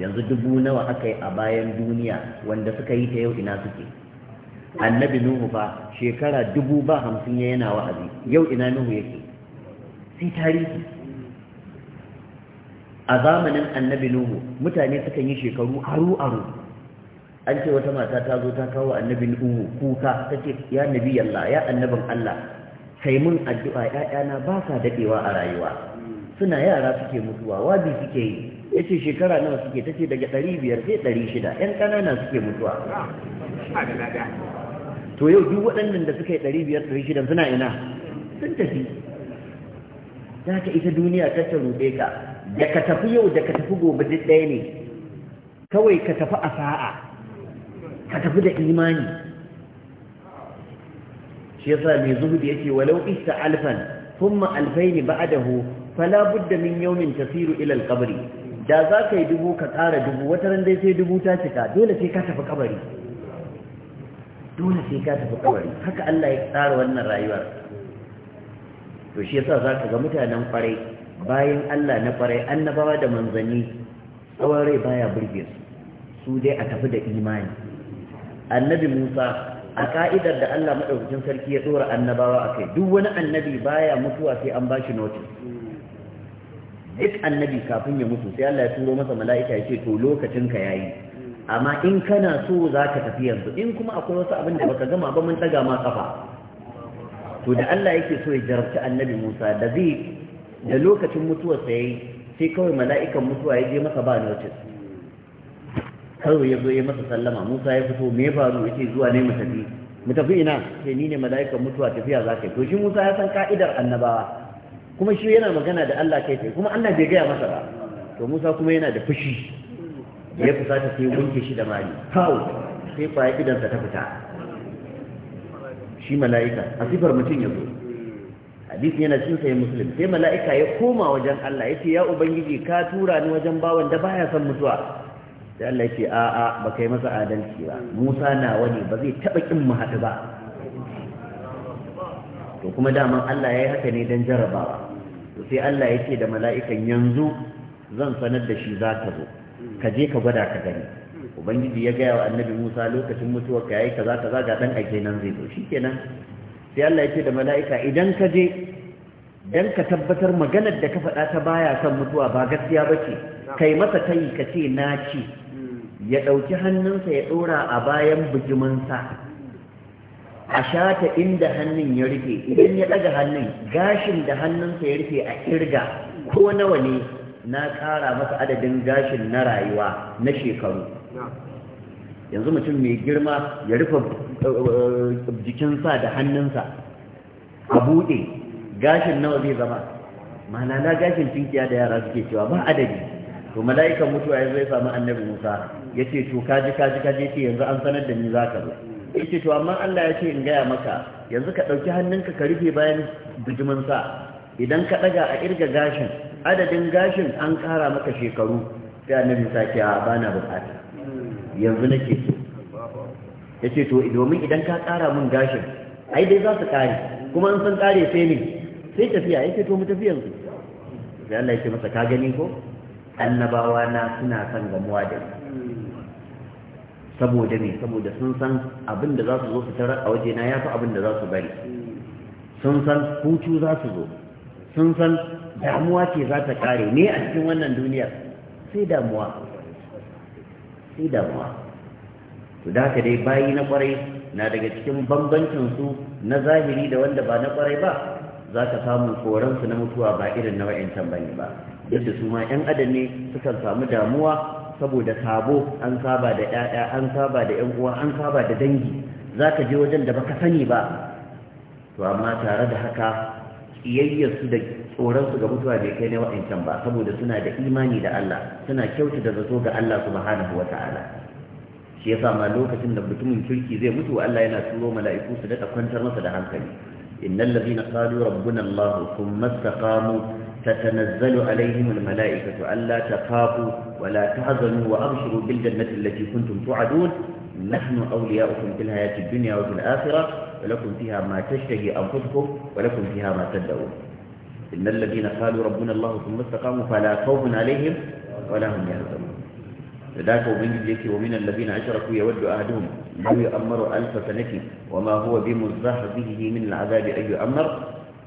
yanzu dubu nawa aka yi a bayan duniya wanda suka yi ta yau ina suke annabi nuhu fa shekara dubu ba hamsin ya yana wa'azi yau ina nuhu yake sai tarihi a zamanin annabi nuhu mutane suka yi shekaru aru aru an ce wata mata ta zo ta kawo annabi nuhu kuka ta ce ya nabi Allah ya annabin Allah kai mun addu'a 'ya'yana ba sa dadewa a rayuwa suna yara suke mutuwa wabi suke yi yace shekara nawa suke tace daga 500 sai 600 ƴan kanana suke mutuwa to yau duk waɗannan da suka yi 500 600 suna ina sun tafi za ka ita duniya ta ta rube ka da ka tafi yau da ka tafi gobe duk ɗaya ne kawai ka tafi a sa'a ka tafi da imani shi yasa mai zuhudi yake walau ista alfan thumma da ba'dahu fala budda min yawmin tasiru ila alqabr da za ka yi dubu ka ƙara dubu wata ran dai sai dubu ta cika dole sai ka tafi kabari dole sai ka tafi kabari haka Allah ya tsara wannan rayuwar to shi yasa zaka ga mutanen kwarai bayan Allah na kwarai annabawa da manzanni tsawon rai baya burge su su dai a tafi da imani annabi Musa a ka'idar da Allah madaukakin sarki ya dora annabawa a kai, duk wani annabi baya mutuwa sai an bashi notice duk annabi kafin ya mutu sai Allah ya turo masa mala'ika ya ce to lokacin ka yayi amma in kana so za ka tafi yanzu in kuma akwai wasu abin da baka gama ba mun daga ma kafa to da Allah yake so ya jarabci annabi Musa da zai da lokacin mutuwarsa yayi sai kawai mala'ikan mutuwa ya je masa ba notice karo ya zo ya masa sallama musa ya fito me faru ya ce zuwa ne mu tafi ina ce ni ne mala'ikan mutuwa tafiya za ka yi to shi musa ya san ka'idar annabawa kuma shi yana magana da allah kai tsaye kuma allah bai gaya masa ba to musa kuma yana da fushi ya fusata sai wanke shi da mali kawo sai kwaya idansa ta fita shi mala'ika a sifar mutum ya zo hadisi yana cin sai muslim sai mala'ika ya koma wajen allah ya ce ya ubangiji ka tura ni wajen bawan da baya son mutuwa sai Allah ce a a ba kai masa adalci ba Musa nawa ne ba zai taba kin mu haɗu ba to kuma daman Allah ya yi haka ne don jarabawa to sai Allah ya ce da mala'ikan yanzu zan sanar da shi za ta zo ka je ka gwada ka gani ubangiji ya gaya wa annabi Musa lokacin mutuwar ka yayi kaza kaza ga dan ake nan zai zo shikenan sai Allah ya ce da mala'ika idan ka je dan ka tabbatar maganar da ka faɗa ta baya kan mutuwa ba gaskiya bace kai masa kai ka ce na ce ya ɗauki hannunsa ya ɗora a bayan bijimansa a shata inda hannun ya rufe idan ya ɗaga hannun gashin da hannunsa ya rufe a kirga ko nawa ne na ƙara masa adadin gashin na rayuwa na shekaru yanzu mutum mai girma ya rufe uh, jikinsa da hannunsa a buɗe gashin nawa zai zama na gashin cinkiya da yara suke cewa ba adadi to mala'ikan mutuwa ya zai samu annabi musa ya ce to kaji kaji kaji ce yanzu an sanar da ni za ka zo ya ce to amma allah ya ce in gaya maka yanzu ka ɗauki hannunka ka rufe bayan bijimin sa idan ka ɗaga a irga gashin adadin gashin an ƙara maka shekaru sai annabi musa ke ba na buƙata yanzu nake so ya ce to domin idan ka ƙara min gashin ai dai za su ƙare kuma in sun ƙare sai ne sai tafiya ya ce to mu tafi yanzu sai allah ya ce masa ka gani ko annabawa na suna son gamuwa da ni saboda ne saboda sun san abin da za su zo su tarar a waje na ya fi abin da za su bari sun san hutu za su zo sun san damuwa ce za ta kare ne a cikin wannan duniya sai damuwa sai damuwa to da ka dai bayi na kwarai na daga cikin bambancin su na zahiri da wanda ba na kwarai ba za ka samu korensu na mutuwa ba irin na wa'yancan bane ba yadda su ma 'yan adam ne sukan samu damuwa saboda sabo an saba da 'ya'ya an saba da 'yan uwa an saba da dangi za ka je wajen da baka sani ba to amma tare da haka su da tsoronsu ga mutuwa bai kai na wa'ancan ba saboda suna da imani da Allah suna kyauta da zato ga Allah subhanahu wa ta'ala shi yasa ma lokacin da mutumin kirki zai mutu Allah yana turo mala'iku su daɗa kwantar masa da hankali innal ladina qalu rabbuna Allah thumma istaqamu تتنزل عليهم الملائكة ألا تخافوا ولا تحزنوا وأبشروا بالجنة التي كنتم توعدون نحن أولياؤكم في الحياة الدنيا وفي الآخرة ولكم فيها ما تشتهي أنفسكم ولكم فيها ما تدعون إن الذين قالوا ربنا الله ثم استقاموا فلا خوف عليهم ولا هم يحزنون فذاك ومن ومن الذين أشركوا يود أهدهم لو يؤمر ألف سنة وما هو بمزاح به من العذاب أن يؤمر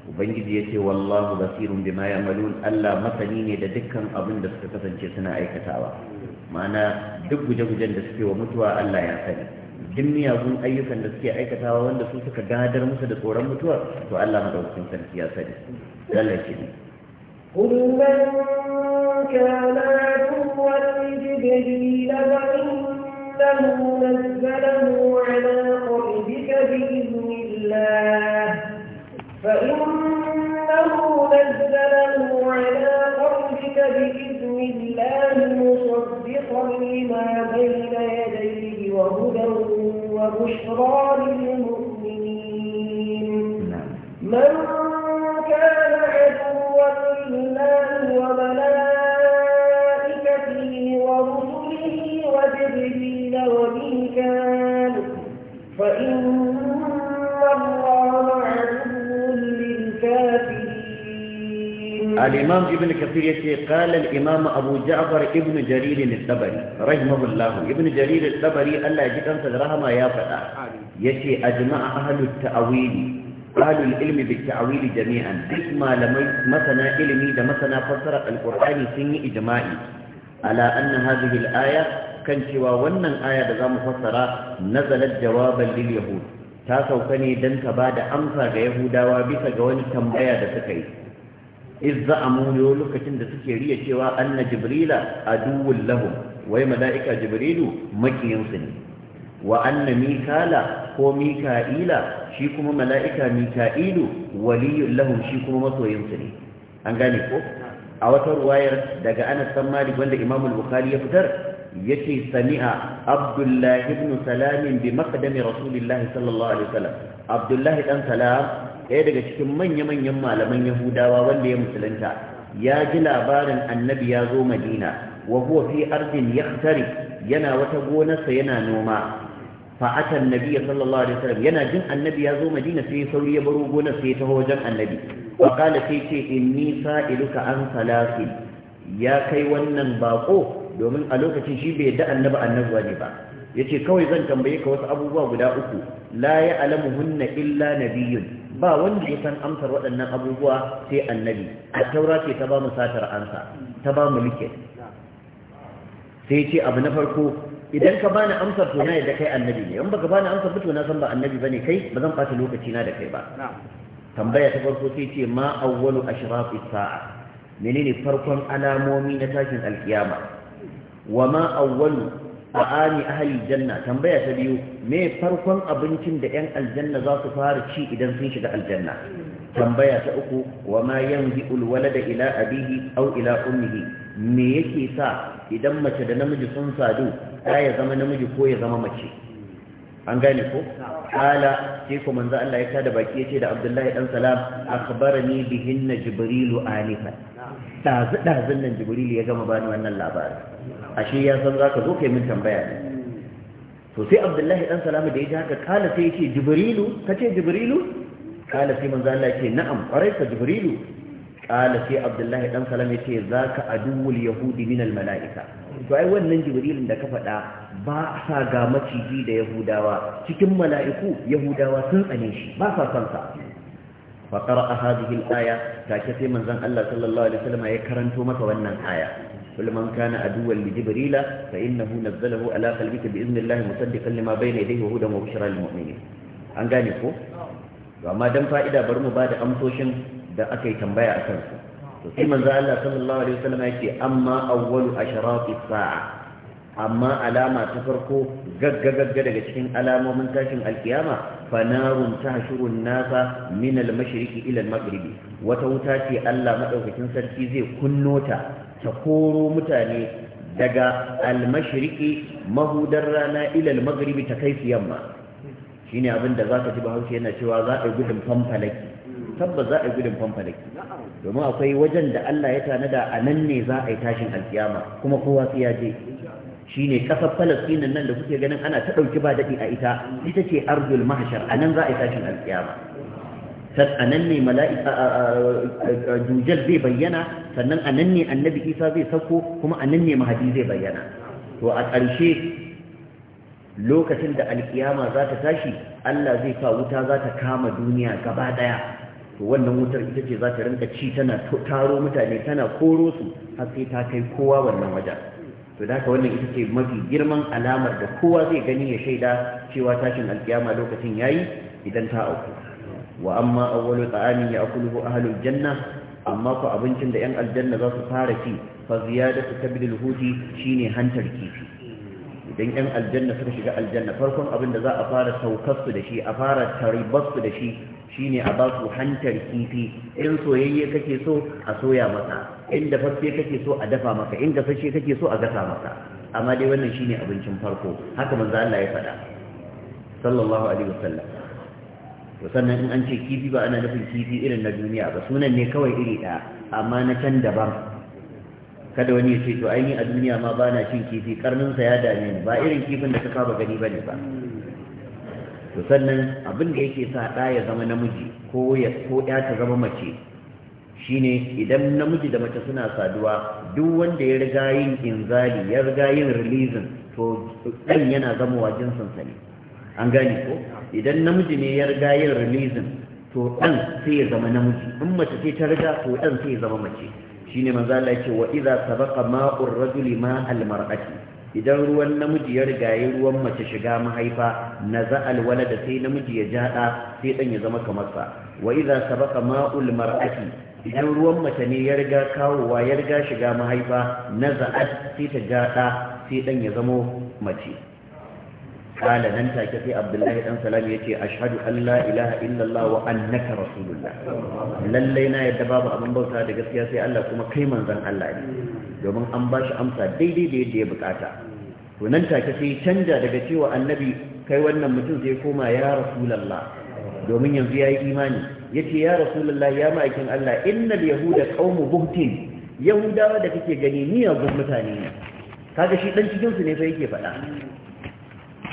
ubangiji ya ce wallahu basirun bima ya'malun Allah masani ne da dukkan abin da suka kasance suna aikatawa ma'ana duk guje-gujen da suke wa mutuwa Allah ya sani duk miyagun ayyukan da suke aikatawa wanda su suka gadar musu da tsoron mutuwa to Allah madaukakin sarki ya sani lalace ne قل من كان عدوا لجبريل فإنه نزله على قلبك بإذن الله فإنه نزله على قلبك بإذن الله مصدقا لما بين يديه وهدى وبشرى للمؤمنين نعم. من كان عدوا لله وملائكته ورسله وجبريل وميكال فإن al’imam ibn kafir ya ce ƙalar imam abu ja'far ibn jariri ne tsabari rahimahullah ibn jariri tsabari allah ji kansa da rahama ya faɗa ya ce a jima'a ahalul ta'awili ƙalul ilmi da ta'awili jami'an duk malamai masana ilimi da masana fassara alƙur'ani sun yi ijima'i. ala anna aya kan cewa wannan aya da zamu fassara nazalat jawaban lil yahud ta sauka ne don ta ba da amsa ga yahudawa bisa ga wani tambaya da suka yi izza amuniyo lokacin da suke riya cewa anna jibrila aduwwul lahum wai mala'ika jibrilu makiyansu ne wa anna mikala ko mika'ila shi kuma mala'ika mika'ilu waliyul lahum shi kuma masoyinsu ne an gane ko a wata ruwayar daga Anas bin wanda Imam al-Bukhari ya fitar yace sami'a Abdullahi ibn Salam bi maqdami Rasulillah sallallahu alaihi wasallam Abdullahi dan Salam ɗaya daga cikin manya-manyan malaman yahudawa wanda ya musulunta ya ji labarin annabi ya zo madina wa huwa fi ardin yahtari yana wata gonarsa yana noma fa'atan nabi sallallahu alaihi wasallam yana jin annabi ya zo madina sai sauri ya baro gonar sai ya taho wajen annabi wa qala sai ce inni sa'iluka an salasin ya kai wannan bako domin a lokacin shi bai da annabi annabi ba yace kawai zan tambaye ka wasu abubuwa guda uku la hunna illa nabiyyun ba wanda ya san amsar waɗannan abubuwa sai annabi a taura ce ta ba mu satar ansa ta ba mu liket. sai ce abu na farko idan ka bani amsar to na yadda kai annabi ne in baka bani amsar ba to na san ba annabi bane kai ba zan ɓata lokaci na da kai ba tambaya ta farko sai ce ma awwalu ashraqis sa'a menene farkon alamomi na tashin alkiyama wa ma awwalu ta'ami ahli janna tambaya ta biyu me farkon abincin da yan aljanna za su fara ci idan sun shiga aljanna tambaya ta uku wa ma yanzi da ila abihi aw ila ummihi me yake sa idan mace da namiji sun sadu ta ya zama namiji ko ya zama mace an gane ko kala sai ko manzo Allah ya tada baki yace da Abdullahi dan salam akhbarani bihinna jibrilu alifan ɗazu-ɗazun nan jibrilu ya gama bani wannan labarin ashe ya san za ka zo kai min tambaya ne to sai abdullahi ɗan salamu da ya ji haka kala sai ya ce jibrilu ka ce jibrilu kala sai manzo Allah ce na'am kwarai ka jibrilu kala sai abdullahi ɗan salamu ya ce za ka yahudi min al mala'ika to ai wannan jibrilun da ka faɗa ba sa ga maciji da yahudawa cikin mala'iku yahudawa sun tsane shi ba sa son sa faƙar a hajjihin aya ta ke sai manzan Allah sallallahu Alaihi wasallam ya karanto maka wannan aya sulman kana a duwal da jibrila ta inna hunar zalahu alaƙar bita bi izinin lahi musaddi kallima bai ne dai hudu mawa shirar mu'mini an gane ko ba ma dan fa'ida bari mu ba da amsoshin da aka yi tambaya a kansu to sai manzan Allah sallallahu Alaihi wasallam ya ce amma awwalu a sharafi sa'a amma alama ta farko gagga gagga daga cikin alamomin tashin alkiyama fanarun tahshurun nasa min al ila al wata wuta ce Allah madaukakin sarki zai kunno ta ta koro mutane daga al mahudar rana ila al ta kai yamma shine abin da zaka ji Bahaushe yana cewa za a gudun fanfalaki tabbas za a gudun fanfalaki domin akwai wajen da Allah ya tanada a nan ne za a yi tashin alkiyama kuma kowa sai ya je shine kasar Palestine nan da kuke ganin ana ta ɗauki ba daɗi a ita ita ce mahashar, a nan za a tashin alkiyama san anan ne jujal zai bayyana sannan anan ne annabi Isa zai sako kuma anan ne mahadi zai bayyana to a ƙarshe lokacin da alkiyama za ta tashi Allah zai sa wuta za ta kama duniya gaba ɗaya, to wannan wutar ita ce za ta rinka ci tana taro mutane tana koro su har sai ta kai kowa wannan wajen to da haka wannan ita ce mafi girman alamar da kowa zai gani ya shaida cewa tashin alkiyama lokacin yayi idan ta auku wa amma awwalu ta'amin a ahlul janna amma ko abincin da yan aljanna za su fara ci fa ziyadatu kabdil huti shine hantar kifi idan yan aljanna suka shiga aljanna farkon abin da za a fara saukar su da shi a fara taribar su da shi shine a ba su hantar kifi in soyayye kake so a soya masa inda fashe kake so a dafa maka inda fashe kake so a gasa maka amma dai wannan shine abincin farko haka manzo Allah ya faɗa sallallahu alaihi wasallam to sannan in an ce kifi ba ana nufin kifi irin na duniya ba sunan ne kawai iri ɗaya amma na can daban kada wani ya ce to ni a duniya ma ba na cin kifi karnin sa ya dame ni ba irin kifin da ka saba gani ba ne ba to sannan abin da yake sa ɗa ya zama namiji ko ya ko ya ta zama mace shine idan namiji da mace suna saduwa duk wanda ya riga yin inzali ya riga yin releasing to ɗan yana zama wa sa ne an gane ko idan namiji ne ya riga yin releasing to ɗan sai ya zama namiji in mace ce ta riga to ɗan sai ya zama mace shine manzo Allah ya ce wa idza sabaqa ma'ur rajuli ma'al mar'ati idan ruwan namiji ya riga yin ruwan mace shiga mahaifa na za'al wala da sai namiji ya jaɗa sai ɗan ya zama kamar sa wa idza sabaqa ma'ul mar'ati idan ruwan mace ne ya riga kawowa ya riga shiga mahaifa na za'ad sai ta ga ɗa sai ɗan ya zamo mace kala nan take sai abdullahi dan salam yace ashhadu an la ilaha illallah wa annaka rasulullah lalle na yadda babu abin bauta da gaskiya sai Allah kuma kai manzon Allah ne domin an ba shi amsa daidai da yadda ya bukata to nan take sai canja daga cewa annabi kai wannan mutum sai koma ya rasulullah domin yanzu yayi imani Ya ce, ya rasulullah ya ma'aikin Allah innal yahuda qaumu buhtin yahudawa da kake gani miyagun mutane ne kaga shi dan cikin su ne fa yake faɗa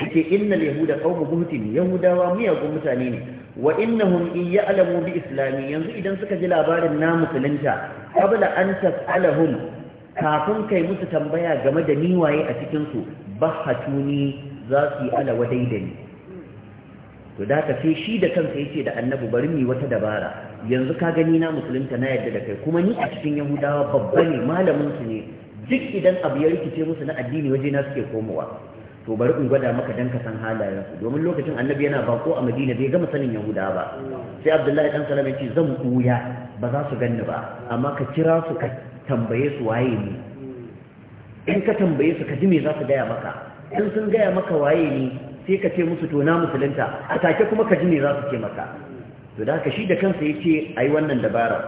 yake innal yahuda qaumu buhtin yahudawa miyagun mutane ne wa innahum in ya'lamu bi islami yanzu idan suka ji labarin na musulunta qabla an tas'alahum kafin kai musu tambaya game da niwaye waye a cikin su bahatuni za su yi ala wadai da ni to da ka sai shi da kansa yace da annabi bari mu wata dabara yanzu ka gani na musulunta na yadda da kai kuma ni a cikin yahudawa babba ne malamin su ne duk idan abu ya rikice musu na addini waje na suke komowa to bari in gwada maka dan ka san halayen su domin lokacin annabi yana bako a madina bai gama sanin yahudawa ba sai abdullahi dan salama yace zan kuya ba za su ganni ba amma ka kira su ka tambaye su waye ne. in ka tambaye su ka ji me za su gaya maka in sun gaya maka waye ne. sai ka ce musu tona musulunta a take kuma ka ji ne za su ce maka to da haka shi da kansa ya ce a yi wannan dabarar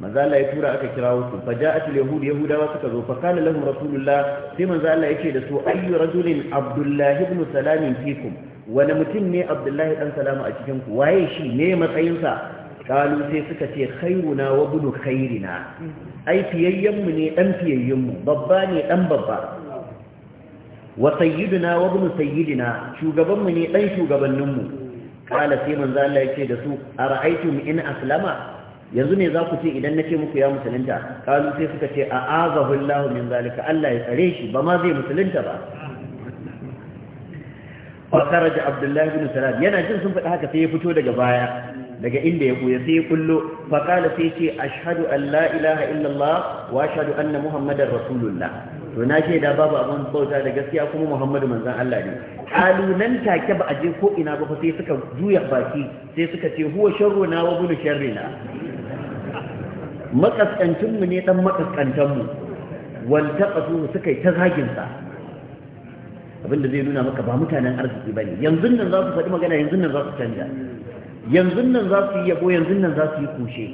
manzo Allah ya tura aka kira wasu fa ja'atul yahud yahudawa suka zo fa kana lahum rasulullah sai manzo Allah ya ce da su ayyu rajulin abdullahi ibn salam fikum wani mutum ne abdullahi dan salama a cikin ku waye shi ne matsayinsa kalu sai suka ce khairuna wa budu khairina ai fiyayyen mu ne dan fiyayyen mu babba ne dan babba wa sayyiduna wa ibn sayyidina shugabanmu ne dan shugabanninmu, mu kala sai manzo Allah yake da su ara'aytum in aslama yanzu ne za ku ce idan ce muku ya musulunta kalu sai suka ce a'azahu Allah min zalika Allah ya tsare shi ba ma zai musulunta ba wa kharaja Abdullah ibn Salam yana jin sun faɗi haka sai ya fito daga baya daga inda ya buya sai ya kullo fa kala sai ce ashhadu an la ilaha illallah wa ashhadu anna muhammadar rasulullah to na da babu abin bauta da gaskiya kuma Muhammadu manzon Allah ne qalu nan take ba a je ko ina ba sai suka juya baki sai suka ce huwa na wa bunu sharrina makaskancin mu ne dan makaskantan mu wal taqatu suka yi ta zagin sa abinda zai nuna maka ba mutanen arziki bane yanzu nan za su faɗi magana yanzu nan za su canja yanzu nan za su yi yabo yanzu nan za su yi kushe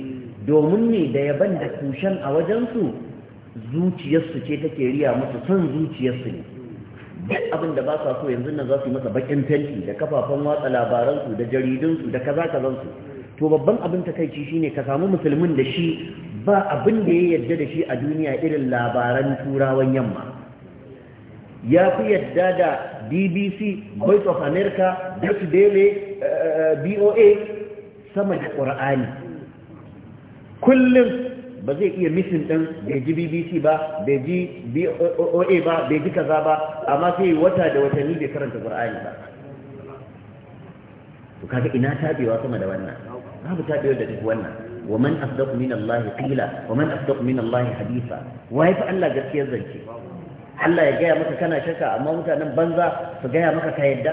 domin ne da yaban da kushen a wajensu zuciyarsu ce take riya musu son zuciyarsu ne duk abin da ba sa so yanzu nan za su masa bakin fenti, da kafafen watsa labaransu da jaridunsu da kaza kazansu to babban abin takaici shine ka samu musulmin da shi ba abin da ya yarda da shi a duniya irin labaran turawan yamma ya fi yadda da bbc voice of america deutsche daily eh, eh, eh, boa sama da ƙur'ani kullum ba zai iya misin ɗin bai ji bbc ba bai ji boa ba bai ji kaza ba amma sai wata da watanni bai karanta qur'ani ba to kaga ina tabewa sama da wannan babu tabewa da duk wannan wa man asdaqu min Allah qila wa man asdaqu min Allah hadisa wai fa Allah gaskiyar zance Allah ya gaya maka kana shaka, amma mutanen banza su gaya maka ka yadda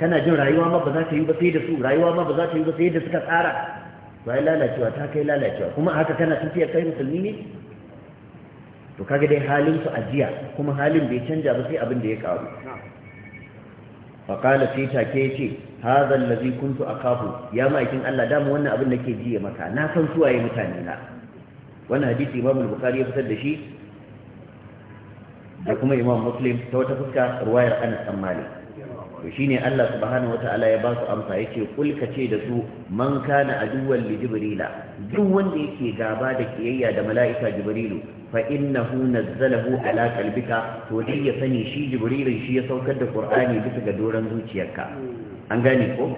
kana jin rayuwa ma ba za ta yi ba sai da su rayuwa ma ba za ta yi ba sai da suka tsara bayan lalacewa ta kai lalacewa kuma haka kana tafiyar kai musulmi ne to kaga dai halin su ajiya kuma halin bai canja ba sai abin da ya karu qala fi take ya ce hazan kuntu a ya ma'aikin Allah dama wannan abin nake ke ji ya maka na san suwaye mutane na wannan hadisi imam bukhari ya fitar da shi da kuma imam muslim ta wata fuska ruwayar anas dan malik to ne Allah subhanahu wataala ya ba su amsa yake kul kace da su man kana aduwwan li jibrila duk wanda yake gaba da kiyayya da mala'ika jibrilu fa innahu nazzalahu ala qalbika to dai ya sani shi jibrilu shi ya saukar da qur'ani bisa ga doran zuciyarka an gane ko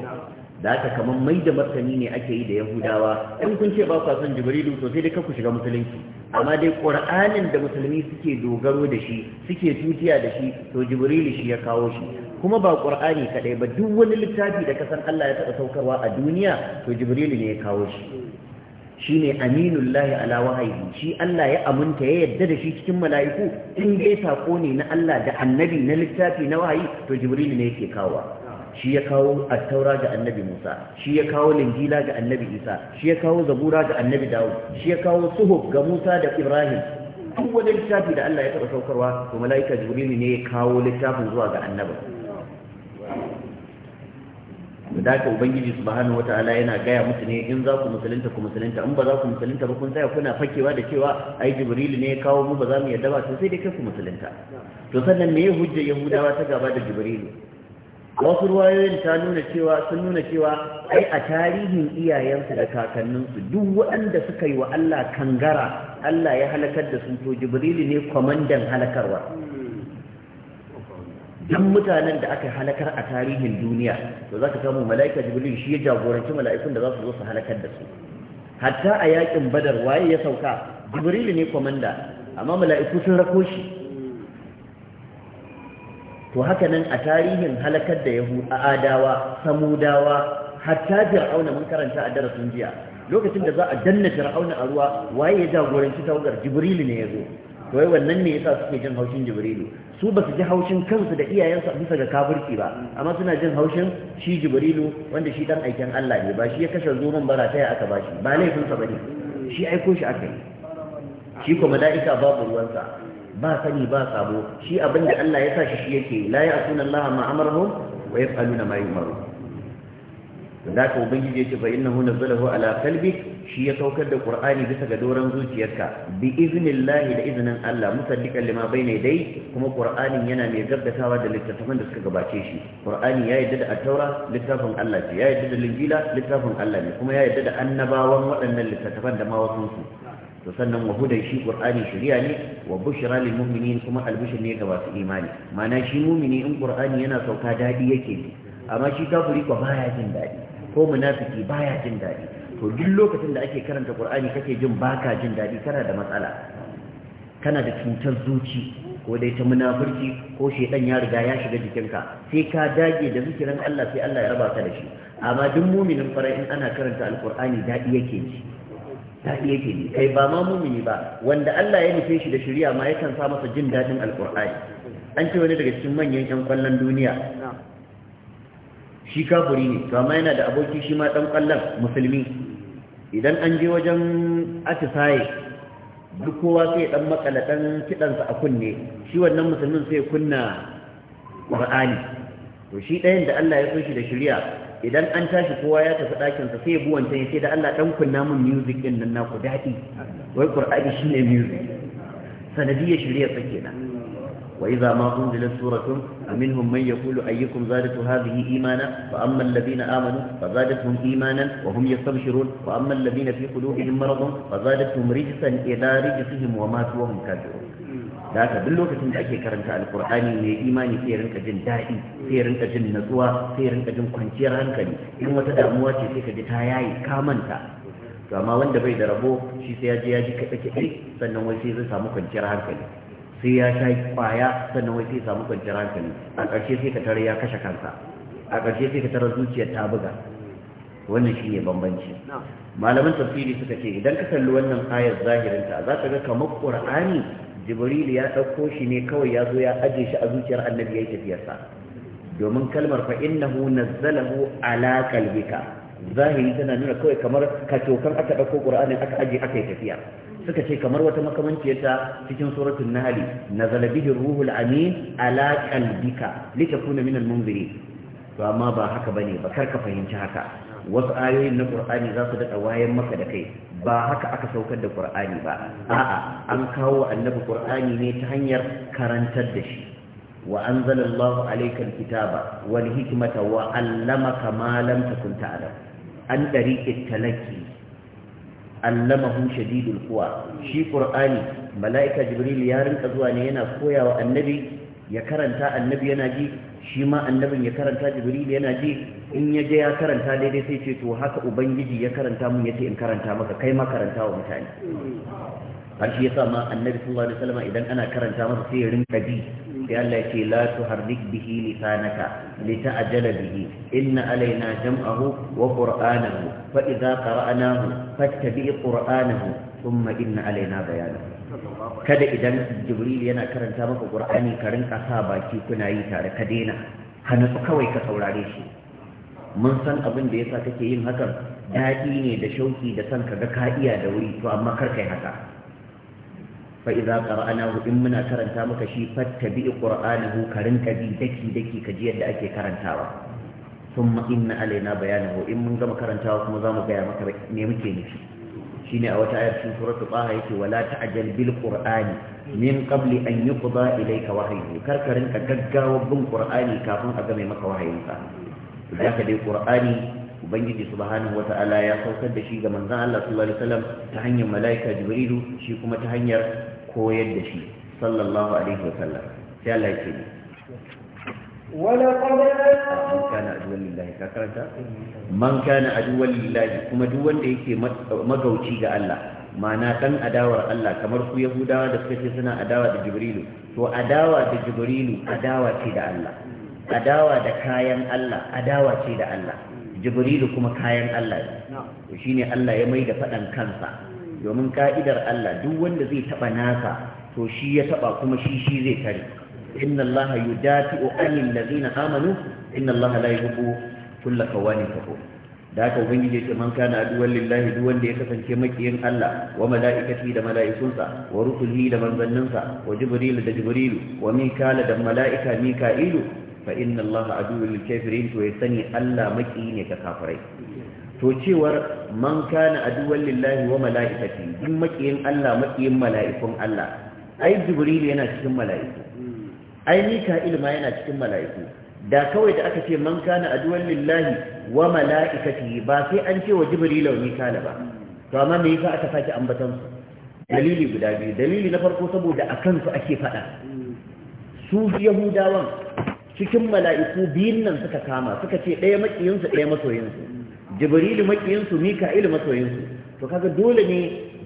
da haka kamar mai da martani ne ake yi da yahudawa in kun ce ba ku son jibrilu to sai dai ku shiga musulunci amma dai qur'anin da musulmi suke dogaro da shi suke tutiya da shi to jibrilu shi ya kawo shi kuma ba qur'ani kaɗai ba duk wani littafi da kasan Allah ya taɓa saukarwa a duniya to jibrilu ne ya kawo shi shine aminullahi ala wahayi shi Allah ya aminta ya yadda da shi cikin mala'iku in dai sako ne na Allah da annabi na littafi na wahayi to jibril ne yake kawo shi ya kawo attaura ga annabi Musa shi ya kawo linjila ga annabi Isa shi ya kawo zabura ga annabi Dawud shi ya kawo suhuf ga Musa da Ibrahim duk wani littafi da Allah ya taɓa saukarwa to mala'ika jibrilu ne ya kawo littafin zuwa ga annabi da dace ubangiji subhanahu wataala yana gaya musu ne in za ku musulunta ku musulunta in ba za ku musulunta ba kun tsaya kuna fakewa da cewa ai jibril ne ya kawo mu ba za mu yarda ba to sai dai kai ku musulunta to sannan me hujja yahudawa ta gaba da jibril wasu ruwayoyin ta nuna cewa sun nuna cewa ai a tarihin iyayensu da kakanninsu duk waɗanda suka yi wa Allah kangara Allah ya halakar da su to jibril ne kwamandan halakarwa duk mutanen da aka halakar a tarihin duniya to za ka samu mala'ika jibril shi ya jagoranci mala'ikun da za su zo su halakar da su hatta a yakin badar waye ya sauka jibril ne komanda amma mala'iku sun rako shi to haka nan a tarihin halakar da yahu a adawa samudawa hatta fir'auna mun karanta a darasin jiya lokacin da za a danna fir'auna a ruwa waye ya jagoranci tawagar jibril ne ya zo wai wannan ne yasa suke jin haushin jibrilu su ba su ji haushin kansu da iyayensu bisa ga kafirci ba amma suna jin haushin shi jibrilu wanda shi dan aikin Allah ne ba shi ya kashe zuman bara ta aka bashi ba laifin sa bane shi aiko shi aka yi shi kuma mala'ika babu ruwansa ba sani ba sabo shi abinda Allah ya sa shi shi yake la sunan Allah ma amarahu wa yaf'aluna ma yumaru da ka ubangiji yace fa innahu nazzalahu ala qalbi shi ya saukar da qur'ani bisa ga doron zuciyarka bi iznillahi da iznin Allah musaddiqan lima bayna dai kuma qur'anin yana mai gaddatawa da littattafan da suka gabace shi qur'ani ya yadda da at-taura littafin Allah ce ya yadda da linjila littafin Allah ne kuma ya yadda da annabawan waɗannan littattafan da ma wasu su to sannan wahudan shi qur'ani shari'a ne wa bushra lil mu'minin kuma albishir ne ga masu imani ma'ana shi mu'mini in qur'ani yana sauka dadi yake amma shi kafiri ko baya jin dadi ko munafiki baya jin daɗi to duk lokacin da ake karanta qur'ani kake jin baka jin daɗi kana da matsala kana da cutar zuci ko dai ta munafurci ko shedan ya riga ya shiga jikinka sai ka dage da zikirin Allah sai Allah ya raba ka da shi amma duk muminin fara in ana karanta alqur'ani daɗi yake ji daɗi yake ji kai ba ma mumini ba wanda Allah ya nufe shi da shari'a ma yakan sa masa jin daɗin alqur'ani an ce wani daga cikin manyan ƴan kwallon duniya shi kafuri ne to amma yana da aboki shi ma dan kwallon musulmi idan an je wajen atisaye duk kowa sai dan makala ɗan kiɗansa a kunne shi wannan musulmin sai kunna qur'ani to shi ɗayan da Allah ya so shi da shari'a idan an tashi kowa ya tafi ɗakinsa sai ya buwanta ya sai da Allah dan kunna mun music din nan naku daɗi wai qur'ani shine music sanadiyar shari'a sa nan وإذا ما أنزلت سورة فمنهم من يقول أيكم زادت هذه إيمانا فأما الذين آمنوا فزادتهم إيمانا وهم يستبشرون وأما الذين في قلوبهم مرض فزادتهم رجسا إلى رجسهم وماتوا وهم كافرون da haka duk lokacin da ake karanta alkur'ani mai imani sai rinka daɗi sai rinka jin natsuwa sai rinka kwanciyar hankali in wata damuwa ce sai ka ji ta yayi ka manta to amma wanda bai da rabo shi sai yaji je ya ji sannan wai sai zai samu kwanciyar hankali sai ya sha kwaya sannan wai sai samu kwanciyar hankali a ƙarshe sai ka tara ya kashe kansa a ƙarshe sai ka tara zuciyar ta buga wannan shi ne bambanci malaman tafsiri suka ce idan ka kalli wannan ayar zahirinta za ka ga kamar ƙur'ani jibril ya ɗauko shi ne kawai ya zo ya aje shi a zuciyar annabi ya yi tafiyarsa domin kalmar fa innahu nazzalahu ala qalbika zahiri tana nuna kawai kamar katokan aka ɗauko ƙur'anin aka aje aka yi tafiya suka ce kamar wata makamanciyar ta cikin suratul nahl nazala bihi ruhul amin ala qalbika litakuna minal munzirin to amma ba haka bane ba karka fahimci haka wasu ayoyin na ƙur'ani za su daɗa wayan maka da kai ba haka aka saukar da ƙur'ani ba a'a an kawo annabi ƙur'ani ne ta hanyar karantar da shi wa anzalallahu alayka alkitaba wal hikmata wa allamaka ma lam takun ta'lam an dariqi talaki allamahu shadidul quwa shi qur'ani malaika jibril ya rinka zuwa ne yana koyawa annabi ya karanta annabi yana ji shi ma annabin ya karanta jibril yana ji in ya je ya karanta daidai sai ce to haka ubangiji ya karanta mun yace in karanta maka kai ma karanta wa mutane har shi yasa ma annabi sallallahu alaihi wasallam idan ana karanta masa sai ya rinka ji sai Allah ce la tuharrik bihi lisanaka ta'jala bihi inna alaina jam'ahu wa qur'anahu fa idza qara'nahu fattabi' qur'anahu thumma inna alaina bayanahu kada idan jibril yana karanta maka qur'ani ka rinka sa baki kuna yi tare ka daina ka nutsu kawai ka saurare shi mun san abin da yasa kake yin hakan daɗi ne da shauki da san kaga ga ka iya da wuri to amma kar kai haka fa idza qara'nahu in muna karanta maka shi fattabi qur'anahu karin bi daki daki kaji yadda ake karantawa thumma inna alaina bayanahu in mun gama karantawa kuma zamu gaya maka me muke nufi shine a wata ayar cikin suratu taha yake wala ta'jal bil qur'ani min qabli an yuqda ilayka wahyu kar ka gaggawa bin qur'ani kafin a gama maka wahayinsa zaka dai qur'ani ubangiji subhanahu ta'ala ya saukar da shi ga manzon Allah sallallahu alaihi wasallam ta hanyar malaika jibrilu shi kuma ta hanyar koyar da shi sallallahu alaihi wa sallam sai Allah ya ce Man من كان عدوا kuma duk wanda yake magauci ga Allah ma'ana dan adawar Allah kamar ku Yahudawa da suka ce suna adawa da Jibrilu to adawa da Jibrilu adawa ce da Allah adawa da kayan Allah adawa ce da Allah Jibrilu kuma kayan Allah ne to shine Allah ya mai da faɗan kansa domin ka'idar Allah duk wanda zai taba nasa to shi ya taba kuma shi shi zai kare inna Allah yudafi'u anil ladina amanu inna Allah la yuhibbu kulla kawanin da haka ubangiji yake man kana aduwan lillahi duk wanda ya kasance makiyin Allah wa mala'ikati da mala'ikunsa wa rusulihi da manzanninsa wa jibrilu da jibrilu wa mikala da mala'ika mika'ilu fa inna Allah aduwwul kafirin to ya sani Allah maki ne ka kafirai to cewar man kana aduwwan lillahi wa mala'ikati duk makiyin Allah makiyin mala'ikun Allah ai jibril yana cikin mala'iku ai mika'il ma yana cikin mala'iku da kawai da aka ce man kana aduwan lillahi wa mala'ikatihi ba sai an ce wa jibrilu mikala ba to amma me yasa aka saki ambatan su dalili guda biyu dalili na farko saboda akan su ake fada su yahudawan cikin mala'iku biyun nan suka kama suka ce ɗaya makiyinsu ɗaya masoyinsu jibrilu makiyinsu mika'ilu masoyinsu to kaga dole ne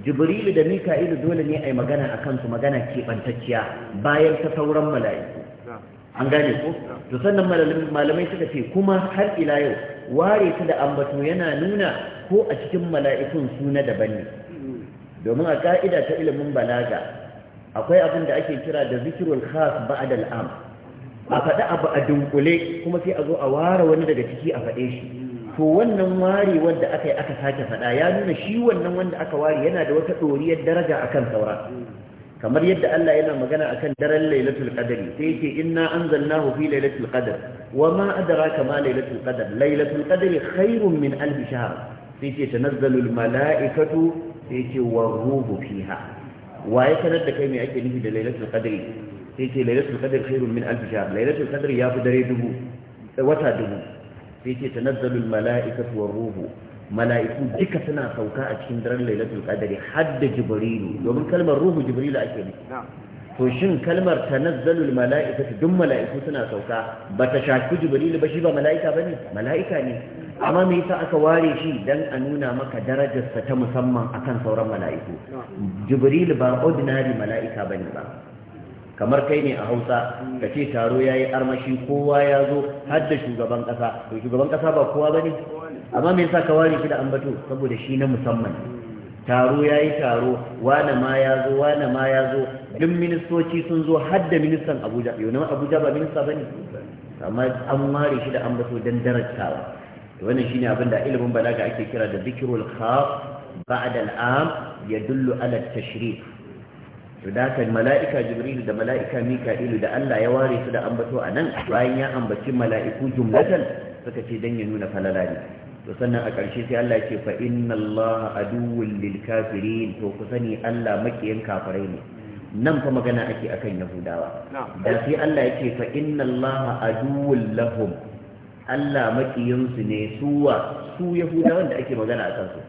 jibrilu da mika'ilu dole ne a yi magana a kansu magana keɓantacciya bayan ta sauran mala'iku an gane ko to sannan malamai suka ce kuma har ila yau ware ta da ambato yana nuna ko a cikin mala'ikun suna daban ne domin a ka'ida ta ilimin balaga akwai abin da ake kira da zikirul khas ba'da al'am a faɗi abu a dunkule kuma sai a zo a ware wani daga ciki a faɗe shi to wannan ware wanda aka yi aka sake faɗa ya nuna shi wannan wanda aka ware yana da wata ɗoriyar daraja akan saura kamar yadda Allah yana magana akan daren lailatul qadri sai yake inna anzalnahu fi lailatul qadr wa ma adraka ma lailatul qadr lailatul qadri khairun min alf shahr sai yake tanazzalul malaikatu sai yake wa ruhu fiha wa ya sanar da kai me ake nufi da lailatul qadri sai yake lailatul khairun min alf shahr lailatul qadri ya fi dare dubu wata dubu sai ce tanazzalul mala'ikatu war ruhu mala'iku duka suna sauka a cikin daren lailatul qadari hadda da jibrilu domin kalmar ruhu jibrilu ake ne to shin kalmar tanazzalul mala'ikatu duk mala'iku suna sauka ba ta shafi jibrilu ba shi ba mala'ika bane mala'ika ne amma me yasa aka ware shi dan a nuna maka darajarsa ta musamman akan sauran mala'iku jibrilu ba ordinary mala'ika bane ba kamar kai ne a hausa ka ce taro ya yi armashi kowa ya zo har da shugaban ƙasa to shugaban ƙasa ba kowa ba ne amma me yasa ka ware shi da ambato saboda shi na musamman taro ya yi taro wane ma ya zo wane ma ya zo duk ministoci sun zo har da ministan abuja yau na abuja ba minista ba ne amma an ware shi da ambato don darajawa wannan shine abin da ilimin balaga ake kira da zikirul khas ba'da al'am yadullu ala tashrif to mala'ika jibrilu da mala'ika mika'ilu da Allah ya ware su da ambato a nan bayan ya ambaci mala'iku jumlatan suka ce dan ya nuna falala ne to sannan a ƙarshe sai Allah ya ce fa inna Allah aduwwul lil kafirin to ku sani Allah makiyin kafirai ne nan fa magana ake akan yahudawa da sai Allah ya ce fa inna Allah aduwwul lahum Allah makiyin su ne suwa su yahudawan da ake magana akan su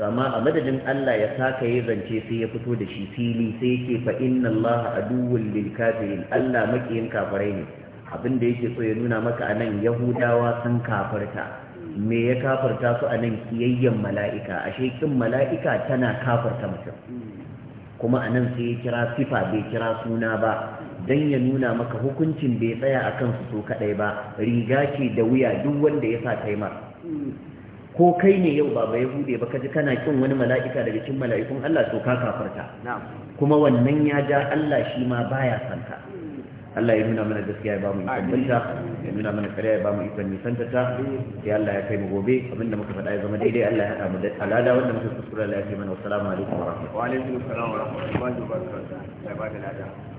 to amma a madadin Allah ya saka yi zance sai ya fito da shi fili sai yake fa inna Allah aduwwul lil kafirin Allah makiyin kafirai ne abin da yake so ya nuna maka anan yahudawa sun kafirta me ya kafarta su anan kiyayyan kiyayyen mala'ika ashe kin mala'ika tana kafarta mutum kuma a sai ya kira sifa bai kira suna ba dan ya nuna maka hukuncin bai tsaya akan kansu so kaɗai ba riga ce da wuya duk wanda ya sa ma ko kai ne yau ba bai hude ba kaji kana kin wani mala'ika daga cikin mala'ikun Allah to ka kafarta kuma wannan ya ja Allah shi ma baya santa Allah ya nuna mana gaskiya ya ba mu ikanta ya nuna mana kariya ya ba mu ikon nisanta ta ya Allah ya kai mu gobe abinda muka faɗa ya zama daidai Allah ya haɗa mu da alada wanda muka kuskura Allah ya kai mana wassalamu alaikum wa rahmatullahi wa alaikum assalam wa rahmatullahi wa barakatuh ya ba da lada